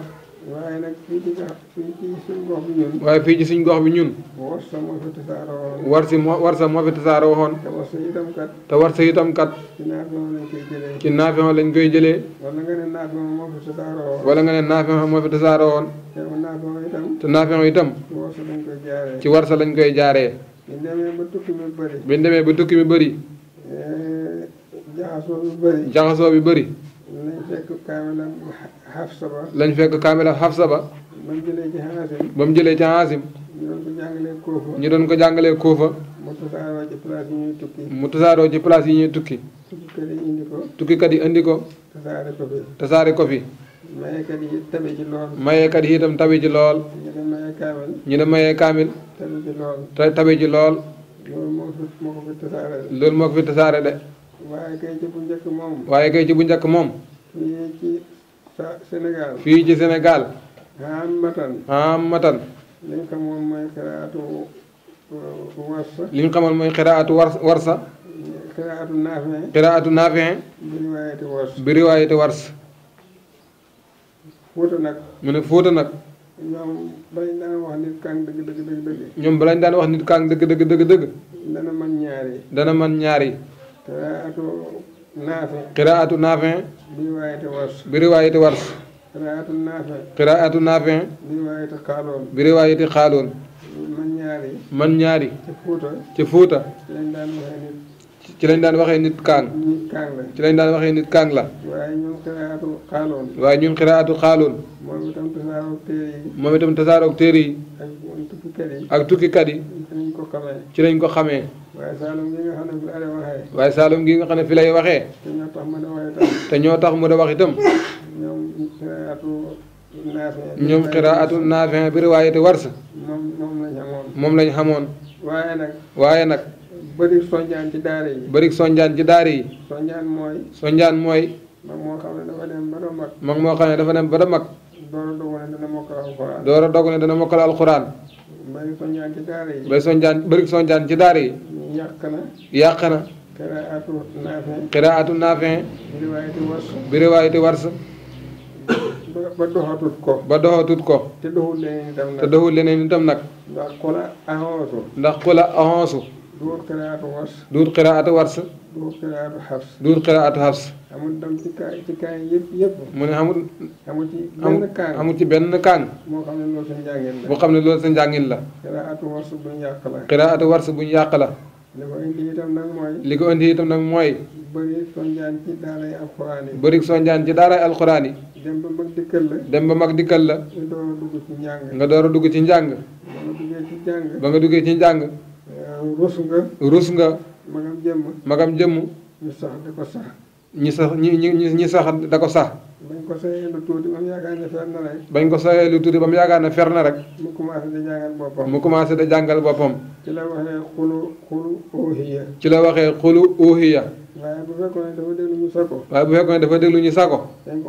waaye nag fii ci suñ gox bi ñun. waaye war si moo war sa moo fi tasaaroo te war sa itam kat. ci naafeema lañ koy jëlee. ci lañ koy jëlee. wala nga ne naafeema moo fi tasaaroo woon. wala nga ne moo fi tasaaroo te naafeema itam. te naafeema ci war sa lañ koy jaaree. ci war sa lañ koy jaaree. biñ demee ba tukki mi bëri. Eh, jaxasoo bi bëri. jaxasoo bi bëri. Hafsa ba. lañ fekk kaamil ak Hafsa ba. jëlee ci Haasim. ba mu jëlee ci Haasim. doon ko jàngalee Kóofa. mu tasaaroo ci place yi ñuy tukki. yi tukki. tukkikat yi indi ko. ko. tasaare ko fi. tasaare yi tabe ci lool. ci lool. ñu ne mayee kaamil. ñu ci lool. lool. moo fi tasaare de. waaye kay ci bu njëkk moom. waaye kay ci bu njëkk moom. Sénégal. fii ci Sénégal. aamatan. aamatan. li ñu uh, xamoon mooy xiraatu warsa. li ñu xamoon mooy xiraatu warsa. xiraatu naafin. xiraatu naafin. bi riwaayati warsa. bi nag. mu ne Fuuta nag. ñoom balañ daan wax nit kàng dëgg dëgg dëgg dëgg. daan wax nit kàng dëgg dëgg dëgg dana man ñaari. dana man ñaari. naafi qiraatu naafin bi riwaayati wars bi riwaayati wars qiraatu xaaloon man ñaari ci fuuta ci lañ daan waxe nit ci lañ la lañ daan waxee nit kaang la waaye ñun qiraatu xaaloon waaye ñun qiraatu moom itam tasaaroog téere yi ak tukkikat yi. ci lañ ko xamee. waaye Saalum gi nga xam ne fi lay waxee. waaye te ñoo tax mu da wax itam. te ñoo tax mu da bi riwaayati warsa. moom lañ xamoon. moom lañ xamoon. waaye nag. waaye nag. bëri sonjaan ci daara yi. sonjaan mooy. sonjaan mooy. mag moo xam dafa dem ba da mag. mag moo xam ne dafa dem ba a dogu ne dana mokkal alxuraan. alxuraan. bëri sonjaan ci daara yi. bëri sonjaan bëri sonjaan ci daara yi. yàq na. yàq na. qiraatu naafin. qiraatu naafin. bi riwaayati wars. wars. ba doxatut ko. ba doxatut ko. te doxul leneen itam nag. ndax ku la ndax ku la duur xiraatu wars. duur xiraatu wars. duur xiraatu xafs. duur mu ne amul. amul ci benn kaang amul moo xam ne loolu sa njàngin la. boo xam ne loolu sa njàngin la. xiraatu wars bu ñu yàq la. xiraatu wars bu yàq la. li ko indi itam nag mooy. li ko indi mooy. bëri sonjaan ci daaray alxuraan yi. bëri sonjaan ci daaray alxuraan yi. dem ba mag dikkal la. dem nga door a dugg ci njàng. ci njàng. ba nga duggee ci njàng. maanaam rus nga. rus nga. magam jëmm. magam jëmm. ñu sax da ko sax. ñi sax ñi ñi ñi sax da ko sax. bañ ko sayee lu tuuti ba mu yaakaar ne fer na rek. bañ ko sayee lu tuuti ba mu yaakaar ne fer na rek. mu commencé da jàngal boppam. mu commencé da jàngal boppam. ci la waxee xulu xulu uuhiya. ci la waxee xulu uuhiya. waaye bu fekkoon dafa déglu ñu sako. waaye bu fekkoon dafa déglu ñu sako. dañ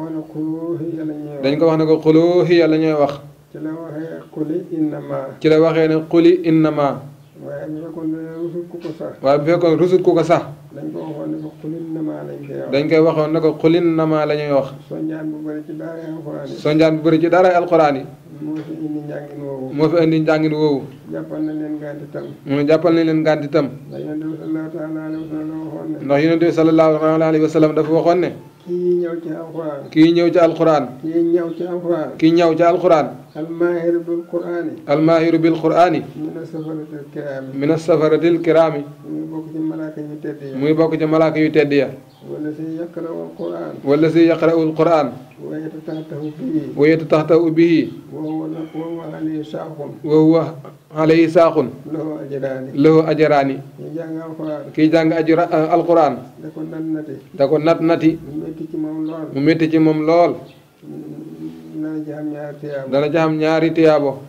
ko wax ne xulu hiya la ñuy wax. ko wax ne ko la ñuy wax. ci la waxee xuli innamaa. ci la waaye bu fekkoon rusut ku dañ koy waxoon ne ko xulin namaa la ñuy wax. sonjaan bu bëri ci daaray alxuraan yi. sonjaan bu bëri ci daaray alxuraan yi. moo fi indi njàngin woowu. moo fi indi njàngin woowu. jàppal nañ leen gànti tam. jàppal nañ leen gànti tam. ndax yonent bi sallallahu alayhi wa sallam dafa waxoon ne. ndax yonent bi dafa waxoon ne. kii ñëw ci alxuraan. kii ñëw ci alxuraan. kii ñëw ci alxuraan. kii ñëw ci alxuraan. almaahiru bil quraani. almaahiru bil quraani. mina safaratil kiraami. mina safaratil kiraami. muy bokk ci malaaka yu tedd ya. muy bokk ci malaaka yu tedd ya. wala si yaqra'ul quraan. wala si yaqra'ul quraan. wa yatataxtau bihi wa huwa alayhi saaxun lahu ajraani kii jàng ajra alquran da ko nat nati mu métti ci moom lool dana ci xam ñaari tiyaabo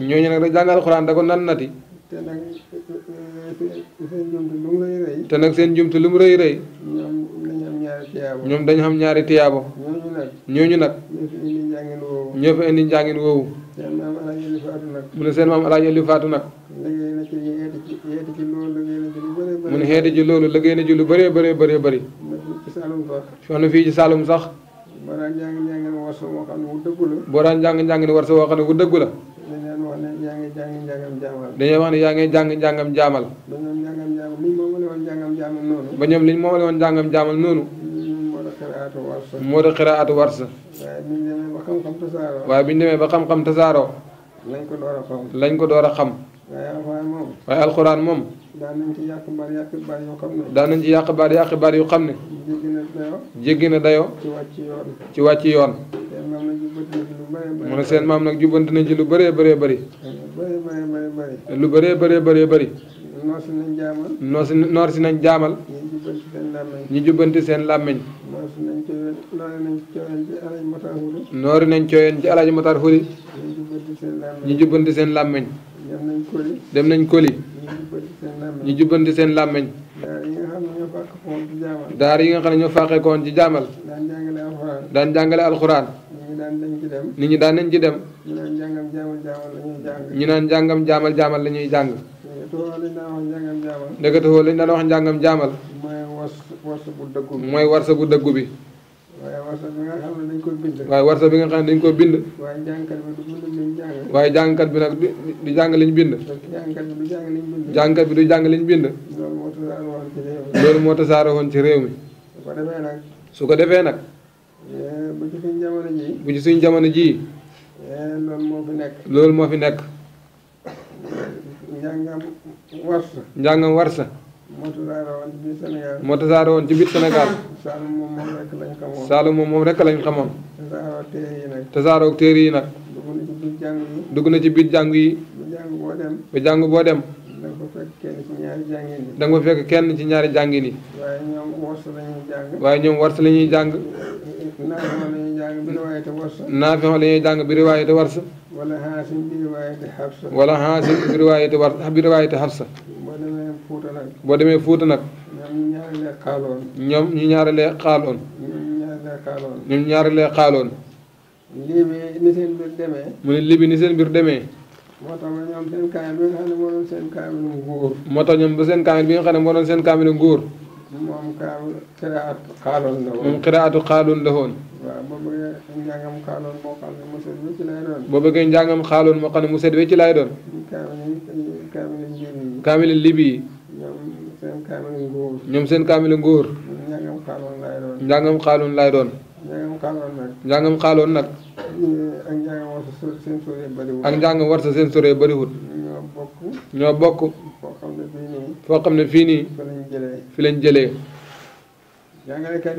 ñooñu nag da jàng alquran da ko nat nati te nag eh, eh, eh, seen jumtu lu mu rëy rëy te nag seen jumtu lu mu rëy rëy ñoom dañu xam ñaari tiyaaba. ñooñu nag. ñoo fi indi njàngin woowu. mu ne seen maam alaaji Aliou Faatu nag. mu ne xeeti ji loolu liggéey na ji lu bëree bëree bëree bëri. soxna fii ci Saalum sax. boo daan jàng njàngin war sa woo xam ne wu dëggu la. boo daan jàng njàngin war sa woo xam ne wu dëggu la. dañuy wax ne yaa ngi jàng njàngam jaamal. ba ñoom li ñu moomale woon njàngam jaamal noonu. moo di xiraatu warsa waaye bi ñu demee ba xam-xam tasaaroo lañ ko door a xam lañ ko door a xam waaye alxuraan moom daan nañ ci yàq baat yàq baat yoo xam ne daan nañ ci yàq baat yàq baat yu xam ne jéggi na dayoo na ci wàcc yoon ci wàcc seen maam nag jubbanti nañ ci lu bëree bëree bëri lu bëree bëree bëree bëri noor si nañ jaamal noor si ñi jubbanti seen làmmiñ nañ cooyeen noori nañ cooyeen ci alaaj Matar Xuri ñu jubbanti seen làmmeñ dem nañ koli dem nañ koli ñu jubbanti seen làmmeñ daar yi nga xam ne ñoo fàqee koon ci jaamal daan jàngale alxuraan daan jàngale alxuraan nit daan nañ ci dem ñu naan jàngam jaamal jaamal la la ñuy jàng ndeketewoo li ñu daan wax njàngam jaamal. mooy wars warsa bu dëggu bi. mooy warsa bu dëggu bi. waaye warsa bi nga xam ne dañ ko bind. waaye warsa bi nga xam ne dañ ko bind. waaye jàngkat bi waaye jàngkat bi nag du jàng liñ bind. jàngkat bi du jàng liñ bi du jàng liñ bind. loolu moo tasaare woon ci réew mi. su ko defee nag. su ko defee nag. Eh, bu ci suñ jamono jii. bu eh, nekk. loolu moo fi nekk. njàngam warsa. njàngam moo tasaaroo woon ci biir Sénégal. moo tasaaroo woon lañ xamoon. Saalum yi nag. dugg na ci biir jàng yi. dugg jàng boo dem. ba jàng da ko fekk kenn ci ñaari jàngin yi. da nga waaye ñoom warsa la jàng. waaye ñoom jàng. bi riwaayate warsa. warsa. wala Haasim bi riwaayati Hafsa. wala Haasim bi riwaayati war bi riwaayati Hafsa. boo demee Fuuta nag. boo demee Fuuta nag. ñoom ñu ñaaralee xaaloon. ñoom ñu lee xaaloon. ñu ñaaralee xaaloon. xaaloon. lii bi ni seen mbir demee. mu ne lii bi moo tax ñoom seen kaamil bi nga xam ne moo doon seen kaamilu nguur. moo tax ñoom ba seen kaamil bi nga xam ne moo doon seen kaamilu nguur. moom xiraatu xaaloon la woon. moom xiraatu xaaloon la woon. waaw boo bëggee njàngam xaaloon moo xam ne mu set wécc lay doon. boo bëggee njàngam xaaloon moo xam ne mu set wécc lay doon. kaamil kaamil njëriñ. kaamil libi yi. ñoom seen kaamil nguur. ñoom seen kaamil nguur. njàngam xaaloon lay doon. njàngam xaaloon lay doon. njàngam xaaloon nag. njàngam xaaloon nag. ak njàngam war sa seen sore bëriwul. ak njàngam war sa seen sore bëriwul. ñoo bokk. ñoo bokk. foo xam ne fii nii. foo xam ne fii nii. fi lañ jëlee. jàngalekat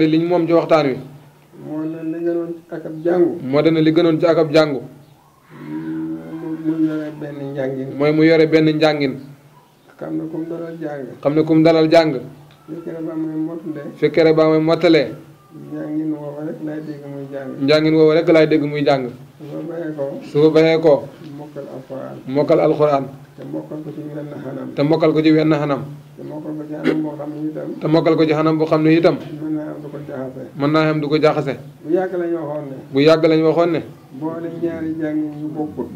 yi liñ moom ci waxtaan wi. mu moo ne li gënoon ci ak ab jàngu. moo mu yore benn njàngin. mooy mu yore benn njàngin. xam ne kum dalal jàng. xam ne kum dalal jàng. fekkere baa mooy mottalee. njàngin woowu rek laay dégg muy jàng. njàngin woowu rek laay dégg muy jàng. su ko bayee koo. ko mokal alxuraan. mokkal alxuraan. te mokkal ko ci wenn xanam. te mokkal ko ci xanam. boo xam ne itam. te mën naa am du ko jaxase. mën naa bu yàgg lañ waxoon ne. bu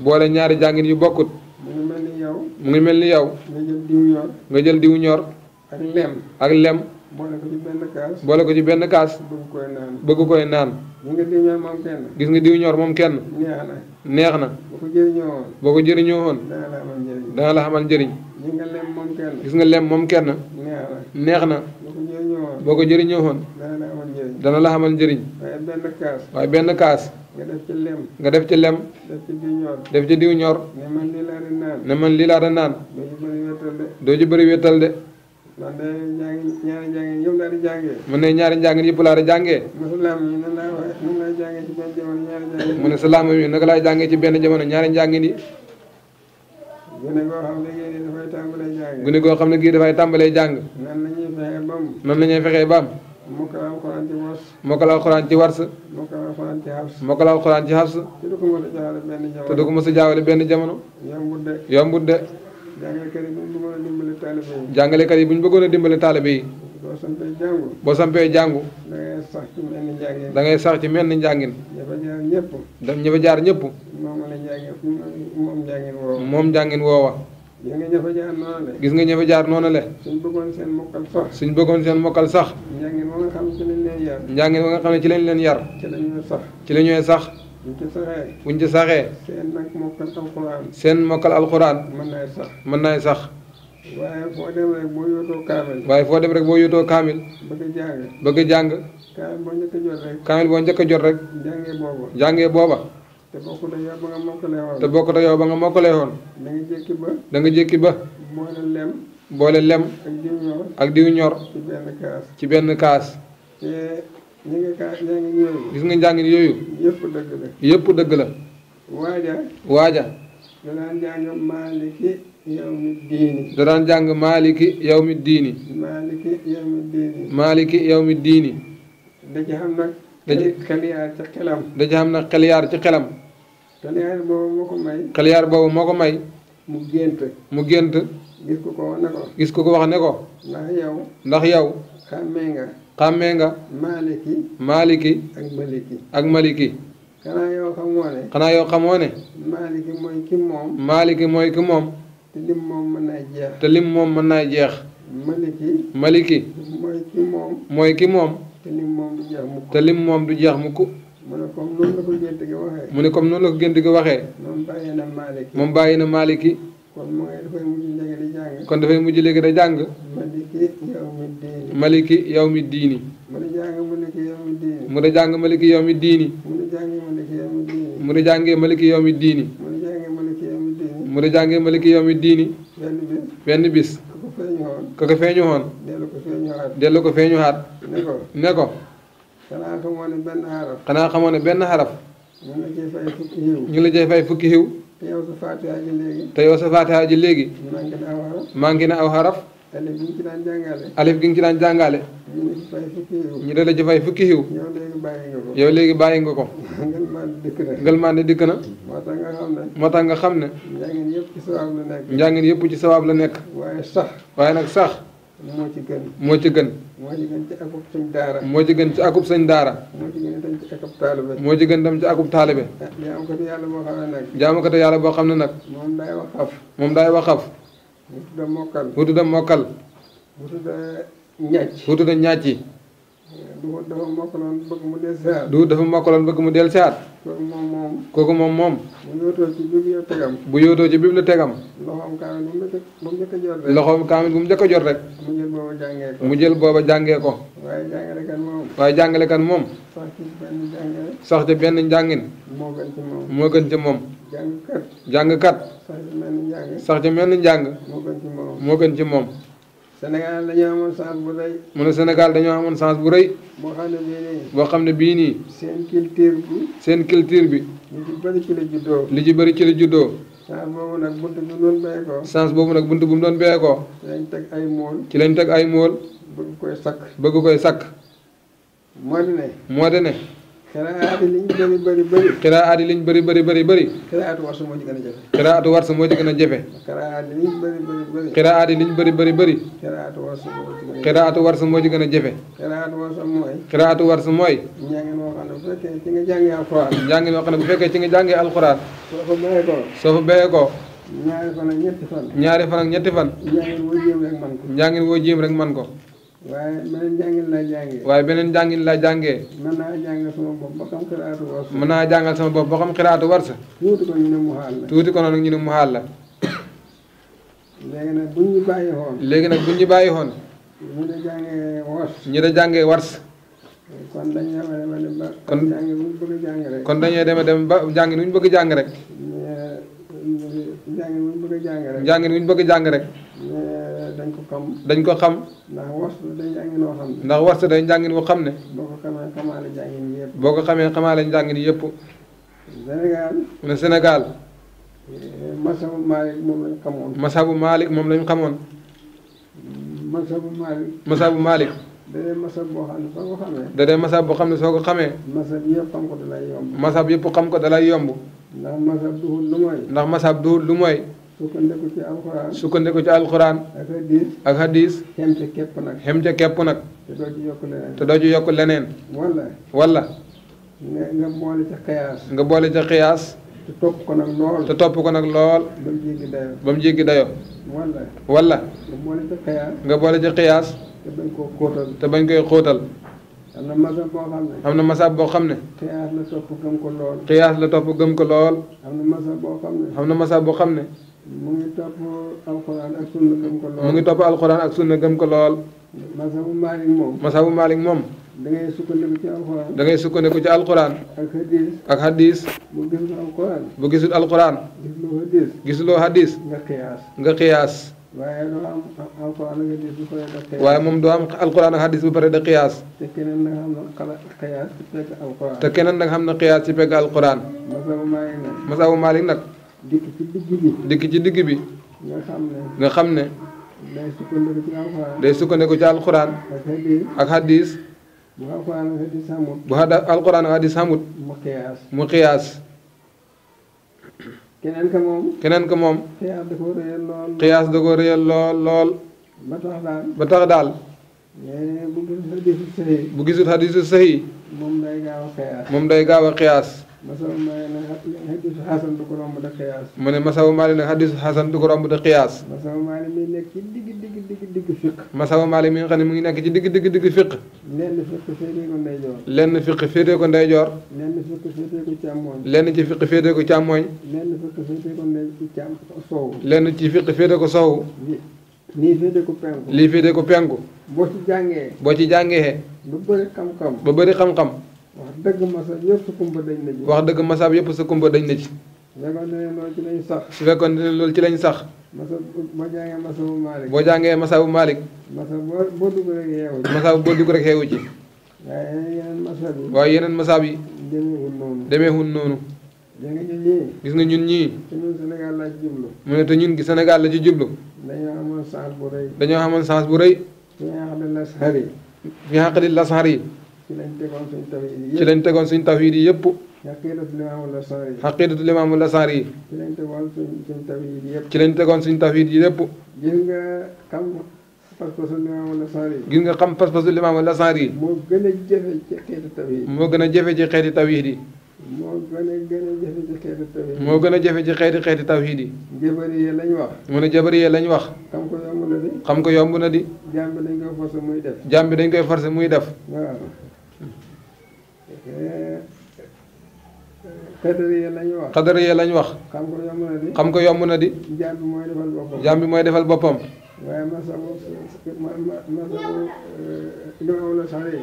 boole ñaari jàngin yu bokkut. mu ngi mel ni yow. mu ngi mel ni yow. nga jël diw ñor. nga jël diw ñor. ak lem. ak lem. boole ko ci benn kaas. boole ko ci benn bëgg koy naan gis nga diw ñor moom kenn. neex na. boo ko jëriñoo woon. dana la amal njëriñ. dana la gis nga lem moom kenn. neex na. boo ko jëriñoo woon. dana la amal njëriñ. dana la waaye benn kaas. nga def ci lem. nga def ci diw ñor. ne man lii laa da naan. doo ci bëri wétal de. man de jàng ñaari njàngin yëpp laa di jàngee. mu ne ñaari njàngin yi nan laa waxee ci benn jamono ñaari njàngin. mu ne salaam yi naka laay jàngee ci benn jamono ñaari njàngin yi. gune goo xam ne gii dafay tàmbalee jàng. gune goo xam ne gii mu. nan la ñuy fexee ci wars. mokkal alxuraan ci wars. mokkal ci hafs. mokkal alxuraan ci hafs. te du ko benn jamono. te du ko mos a jaawale benn jamono. yombut de. yombut de. jàngalekat yi bu ñu bëggoon a dimbale taalibe jàngalekat yi bu ñu bëggoon a dimbale taalibe boo sampee jàngu. boo sampee jàngu. da ngay sax ci mel ni njàngin. da ngay sax ci mel ni njàngin. jaar ñëpp. da ña fa moom la njàngin moom njàngin woowa. moom gis nga ña jaar noonu la. la. suñ bëggoon seen mokkal sax. suñ bëggoon seen mokkal sax. njàngin wa nga xam ne ci lañ yar. ci lañ leen yar. ci la ñuy sax. ci la ñuy sax. buñ ci saxee. saxee. seen nag mokkal alxuraan. seen mokkal alxuraan. mën sax mën naay sax. waaye foo dem rek boo yóotoo kaamil. waaye foo dem boo yóotoo kaamil. bëgg jàng bëgg jàng. kaamil boo njëkk jot rek. kaamil jàngee booba jàngee booba. te bokkut ak yow ba nga mokkalee woon. te bokkut ak ba nga mokkalee jékki ba. da nga boole lem. boole ak diw ñor. ci benn kaas. ci ñi gis nga njàngin yooyu yëpp dëgg la yëpp dëgg la waaja waaja danaan jàng maaliki yow mi diini danaan jàng maaliki yow mi diini maaliki yow mi diini maaliki da ci xam nag da ci xeliyaar ci xelam ci xam boobu moo ko may xeliyaar boobu moo ko may mu gént mu gént gis ko ko wax ne ko gis ko ko wax ne ko ndax yow ndax yow xàmmee nga xàmmee nga. maaliki. maaliki. ak maliki. ak maliki. xanaa yoo xamoo ne. ne. maaliki mooy ki moom. maaliki mooy ki moom. te moom jeex. te lim moom mën naa jeex. maliki. maliki. mooy moom. mooy ki moom. moom du jeex mukk. mu ne comme noonu la ko gént gi waxee. mu ne comme noonu la ko gént gi waxee. moom bàyyi na maaliki. moom kon mu ngi dafay mujj léegi da jàng. maliki yawmi diini mu di jàng maliki yawmi diini mu di jàng maliki yawmi diini mu di jàngee maliki yawmi diini mu di jàngee maliki yawmi diini benn bis ka ko feeñu woon dellu ko feeñu xaat ne ko xanaa xamoon ne benn xaraf xanaa xamoo ne benn xaraf ngi la fay fukki xiw te yow sa faatiha ji ji léegi manqué na aw xaraf alif gi nga ci daan jàngale. alif gi nga ci daan jàngale. ñu léegi bàyyi nga ko. yow léegi bàyyi nga moo tax nga xam ne. moo tax njàngin yëpp ci sawaab la nekk. la nekk. waaye sax. waaye nag sax. moo ci gën. moo ci gën. moo moo ci gën ci akub sañ daara. moo moo ci gën tam ci akub taalibe. jaamu yàlla boo xam yàlla boo xam ne nag. moom daay waxaf. moom daay waxaf. mu tudda mokkal. mu tudda mokkal. mu tudda ñàcc. mu tudda ñàcc. du dafa mokkaloon bëgg mu del saat. du dafa mokkaloon bëgg mu del saat. moom bu yootoo ci bibliothèque am. bu yootoo ci loxoom kaamil bu mu njëkk a jot rek. mu jël booba jàngee ko. waaye jàngalekat moom. moom. sax ci benn jàngale. sax ci moom. moo gën ci moom. sax ci mel ni njàng. moo gën ci moom moo gën ci moom. Sénégal dañoo amoon chance bu rëy. mu ne Sénégal dañoo amoon chance bu rëy. boo xam ne bii nii. boo xam seen culture bi. seen culture bi. li ci bëri ci li ci bëri ci la juddoo. chance boobu nag bunt bu mu doon béyee chance boobu nag bunt bu mu doon béyee ko. ci lañ teg ay mool. ci lañ teg ay mool. bëgg koy sakk. bëgg koy sakk. moo ne. moo di ne. xiraat yi liñ bëri bëri bëri. xiraat yi liñ bëri bëri bëri bëri. xiraatu warsa moo ci gën a jafe. xiraatu warsa moo ci gën a jafe. xiraat yi liñ bëri bëri bëri. xiraat yi liñ bëri bëri bëri. xiraatu warsa moo ci gën a. xiraatu warsa moo ci gën a jafe. xiraatu warsa mooy. xiraatu warsa mooy. njàng moo xam ne bu fekkee ci nga jàngee alxuraan. njàng moo xam ne bu fekkee ci nga jàngee alxuraan. soo fa bayee ko. soo fa bayee ko. ñaari fan ak ñetti fan. ñaari fan ak ñetti fan. njàngin woo jéem rek man ko. njàngin woo jéem rek man ko waaye beneen jàngin laa jàngee. waaye beneen jàngin laa jàngee. mën naa jàngal mën naa jàngal sama bopp ba xam xiraatu warsa. tuuti ko ko noonu ñu ne nag buñ léegi nag buñ ñu bàyyi xoon. jàngee wars. ñu da jàngee kon dañuy dem a dem ba. kon jàngi bu jàng rek. ñu bëgg a jàng jàng rek. ñu bëgg a jàng rek. Eh, dañ ko xam. dañ ko xam. ndax warsu day njàngin woo xam ne. ndax xam ne. boo ko xamee xamaale la yëpp. yépp ko xamee xamaale njàngin yëpp. Sénégal. ne Sénégal. Eh, masabu Malick moom lañ xamoon. masabu Malick moom lañ xamoon. masabu Malick. masabu Malick. dadee masab boo xam ne soo ko xamee. dadee masab xam ko xamee. masab yëpp xam dalay yomb. masab yëpp xam ko dalay yomb. ndax masab duhul lu mooy. ndax masab duhul lu mooy. sukkandiku ci alxuraan. sukkandiku ci alxuraan. ak hadis. xem ca képp nag. xem ca képp nag. te doo yokk leneen. te wala. wala. nga boole ca xiyaas. nga te topp ko nag lool. te ba mu jéggi dayoo. ba nga boole ca xiyaas. nga boole ca te bañ xóotal. te koy xóotal. na masab xam ne. am na masab boo xam ne. xiyaas la topp gëm ko lool. xiyaas la xam ne. am boo xam ne. mu ngi topp alxuraan ak sunna gëm ko lool. mu ngi topp alxuraan ak sunna gëm moom. dangay Malick ngay sukkandiku ci alxuraan. da ngay sukkandiku ci alxuraan. ak hadis. ak hadis. bu gisul alxuraan. bu gisuloo hadis. nga xiyaas. waaye doo am alxuraan ak hadis ak hadis bu paree da xiyaas. te keneen da nga xam ne xala ci pegg alxuraan. te keneen da nga nag. dikk ci digg bi. nga xam ne. nga xam ne. day sukkandiku ci ci alxuraan. ak hadis. bu alxuraan ak hadis xamut. mu xiyaas. keneen ka moom. keneen da koo rëyal lool. xiyaas da lool ba tax daal. bu gisul hadisu sahi. moom day gaaw a xiyaas. masawu maa leen hadisu xasan du ko romb da xiyaas. mu ne masawu maa leen hadisu xasan du ko romb da xiyaas. masawu maa leen mi nekk ci digg digg digg digg fiq. masawu maa leen mi nga xam ne mu ngi nekk ci digg digg digg fiq. lenn fiq féetee ko ndeyjoor. lenn fiq féetee ko ndeyjoor. lenn fiq féetee ko càmmooñ. lenn ci fiq féetee ko càmmooñ. lenn fiq féetee ko ndey ci càmm soow. lenn ci fiq féetee ko soow. lii féetee ko penku. lii féetee ko penku. boo ci jàngee. boo ci jàngee. ba bëri xam-xam. ba bëri xam-xam. wax dëgg masaab yëpp sa kumba dañ na ci. wax dëgg masaab yëpp sa kumba dañ na ci. su fekkoon ne loolu ci lañ sax. su fekkoon ne loolu ci lañ sax. masaab boo jàngee masaabu boo jàngee masaabu boo boo dugg rek xeewu ci. masaab boo dugg rek yeneen masaab yi. yi. demeewul noonu. demeewul noonu. gis nga ñun ñii. gis nga ñun ñii. ñun ci jublu. mu ne te ñun gi Sénégal la ci jublu. dañoo amoon chance bu rëy. dañoo amoon chance bu rëy. fi xaqli lasxar yi. fi xaqli lasxar yi. ci lañ tegoon suñ tawhid yi. ci lañ tegoon suñ tawhid yi yëpp. xaqiidatul imaamul lasaari. xaqiidatul imaamul lasaari yi. ci lañ tegoon suñ suñ tawhid yi yëpp. ci lañ tegoon suñ tawhid yi yëpp. gis nga xam pas-pasu limaamul lasaari yi. gis nga xam pas-pasu limaamul lasaari yi. moo gën a jafe ci xeeti tawhid yi. moo gën a jafe ci xeeti tawhid yi. moo gën a gën a jafe ci xeeti tawhid yi. moo gën a jafe ci xeeti xeeti tawhid yi. jabari yee lañ wax. mu ne jabari yee lañ wax. xam ko yomb na di. xam ko yomb na di. jàmm bi dañ koy forcer muy def. jàmm bi dañ koy forcer muy def. waaw. xadariya lañ wax. xadariya wax. xam ko yomb na di. xam ko mooy defal boppam. jaam bi mooy defal boppam.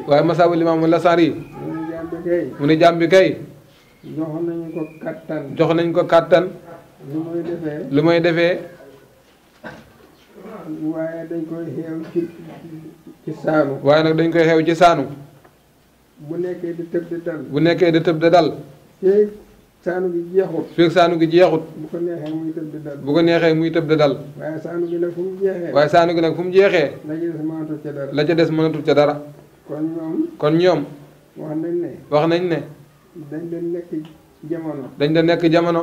waaye masaabu limaamu eh, limaamu la saar mu ne jaam kay. jox nañ ko kattan. jox nañ ko kattan. lu may defee. lu may defee. waaye dañ koy xew ci saanu. waaye nag dañ koy xew ci saanu. bu nekkee di tëb dal. bu nekkee di tëb di dal. feeg saanu gi jeexut. feeg saanu gi jeexut. bu ko neexee muy tëb di dal. bu ko neexee muy tëb dal. waaye saanu gi nag fu mu jeexee. waaye saanu la ca des mënatul ca dara. la kon ñoom. kon ñoom. wax nañ ne. wax nañ ne. dañ doon nekk jamono. dañ doon nekk jamono.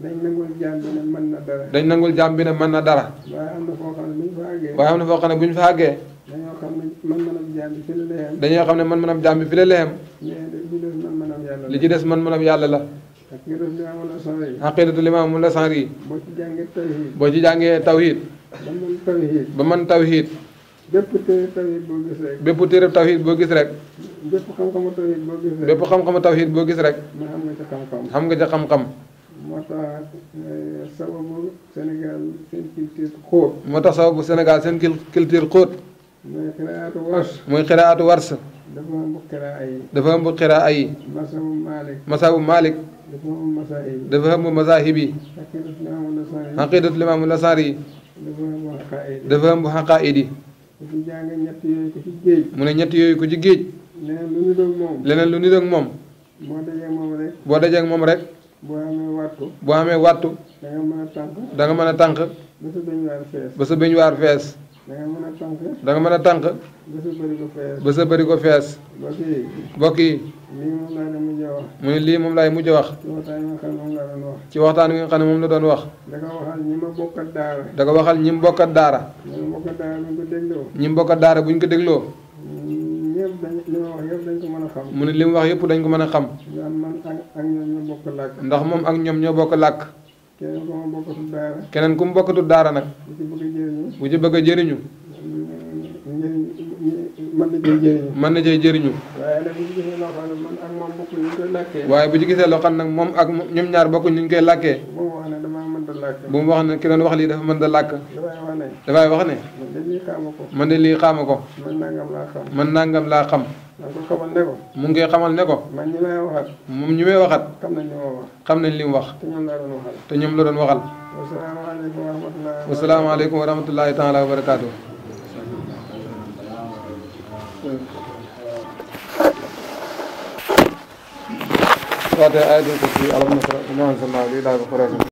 dañ nangul jaam bi ne mën na dara. dañ nangul jaam bi ne mën na dara. waaye am na foo xam ne waaye am na foo xam ne dañoo xam ne man-manam jaam bi fi xam ne man-manam jaam bi fi li ci des man-manam yàlla la. xaqiidatu limaam la sànq yi. boo ci jàngee tawhiid. boo ci jàngee tawhiid. ba man tawhiid. ba man tawhiid. bépp téere tawhiid boo gis rek. bépp téere tawhiid boo gis rek. bépp xam-xamu tawhiid boo gis rek. bépp xam-xamu tawhiid boo gis rek. xam nga ca xam-xam. xam ca xam-xam. moo tax eh, sababu Sénégal sen culture xóot. mooy xiraatu wars. mooy xiraatu wars. dafa am bu xiraa yi. dafa am bu xiraa yi. masabu bu masaahib dafa am bu masaahib yi. xaqiidatu limaamu lasaari yi. dafa am bu xaqaayid yi. mu ne ñetti yooyu ko ci géej. leneen lu nit ak moom. leneen lu nit ak moom. boo dajee moom rek. boo dajee amee wattu. boo da nga mën a tànk. ba sa beñ waar fees. waar fees. da nga mën a tànk. da nga mën a tànk. ba sa bëri ko fees. mbokk yi. mbokk yi. lii moom laay mujj a wax. mu ne lii moom laay mujj a wax. ci waxtaan wi nga xam ne moom la doon wax. da nga waxal ñi ma bokkat daara. da nga waxal ñi mu bokkat daara. ñi mu bokkat daara buñ ko dégloo. ñi mu bokkat daara buñ ko dégloo. ñëpp dañ li ma wax yëpp dañ ko mën a xam. mu ne li mu wax yëpp dañ ko mën a xam. ndax man ak ñoom ñoo bokk làkk. ndax moom ak ñoom ñoo bokk làkk. keneen ku mu daara. ku mu bokkatul daara nag. bu ci bëgg a jëriñu. mën na cee mën na cee jëriñu. waaye nag bu ci gisee loo xam ne ak moom bokkuñ ni ñu ak ñoom ñaar bokkuñ ni koy làkkee. bu mu wax ne damaa mën da làkk. bu mu wax ne ki doon wax lii dafa mën da làkk. dafay wax ne. dafay wax lii xaama ko. man de lii laa xam. maa ngi koy xamal ne ko. mu ngi koy ne ko. man ñi may waxat. moom ñi may waxat. xam nañ li mu xam nañ li wax. te ñoom la doon waxal. te ñoom la doon waxal. wasalaamaaleykum wa rahmatulah. wasalaamaaleykum wa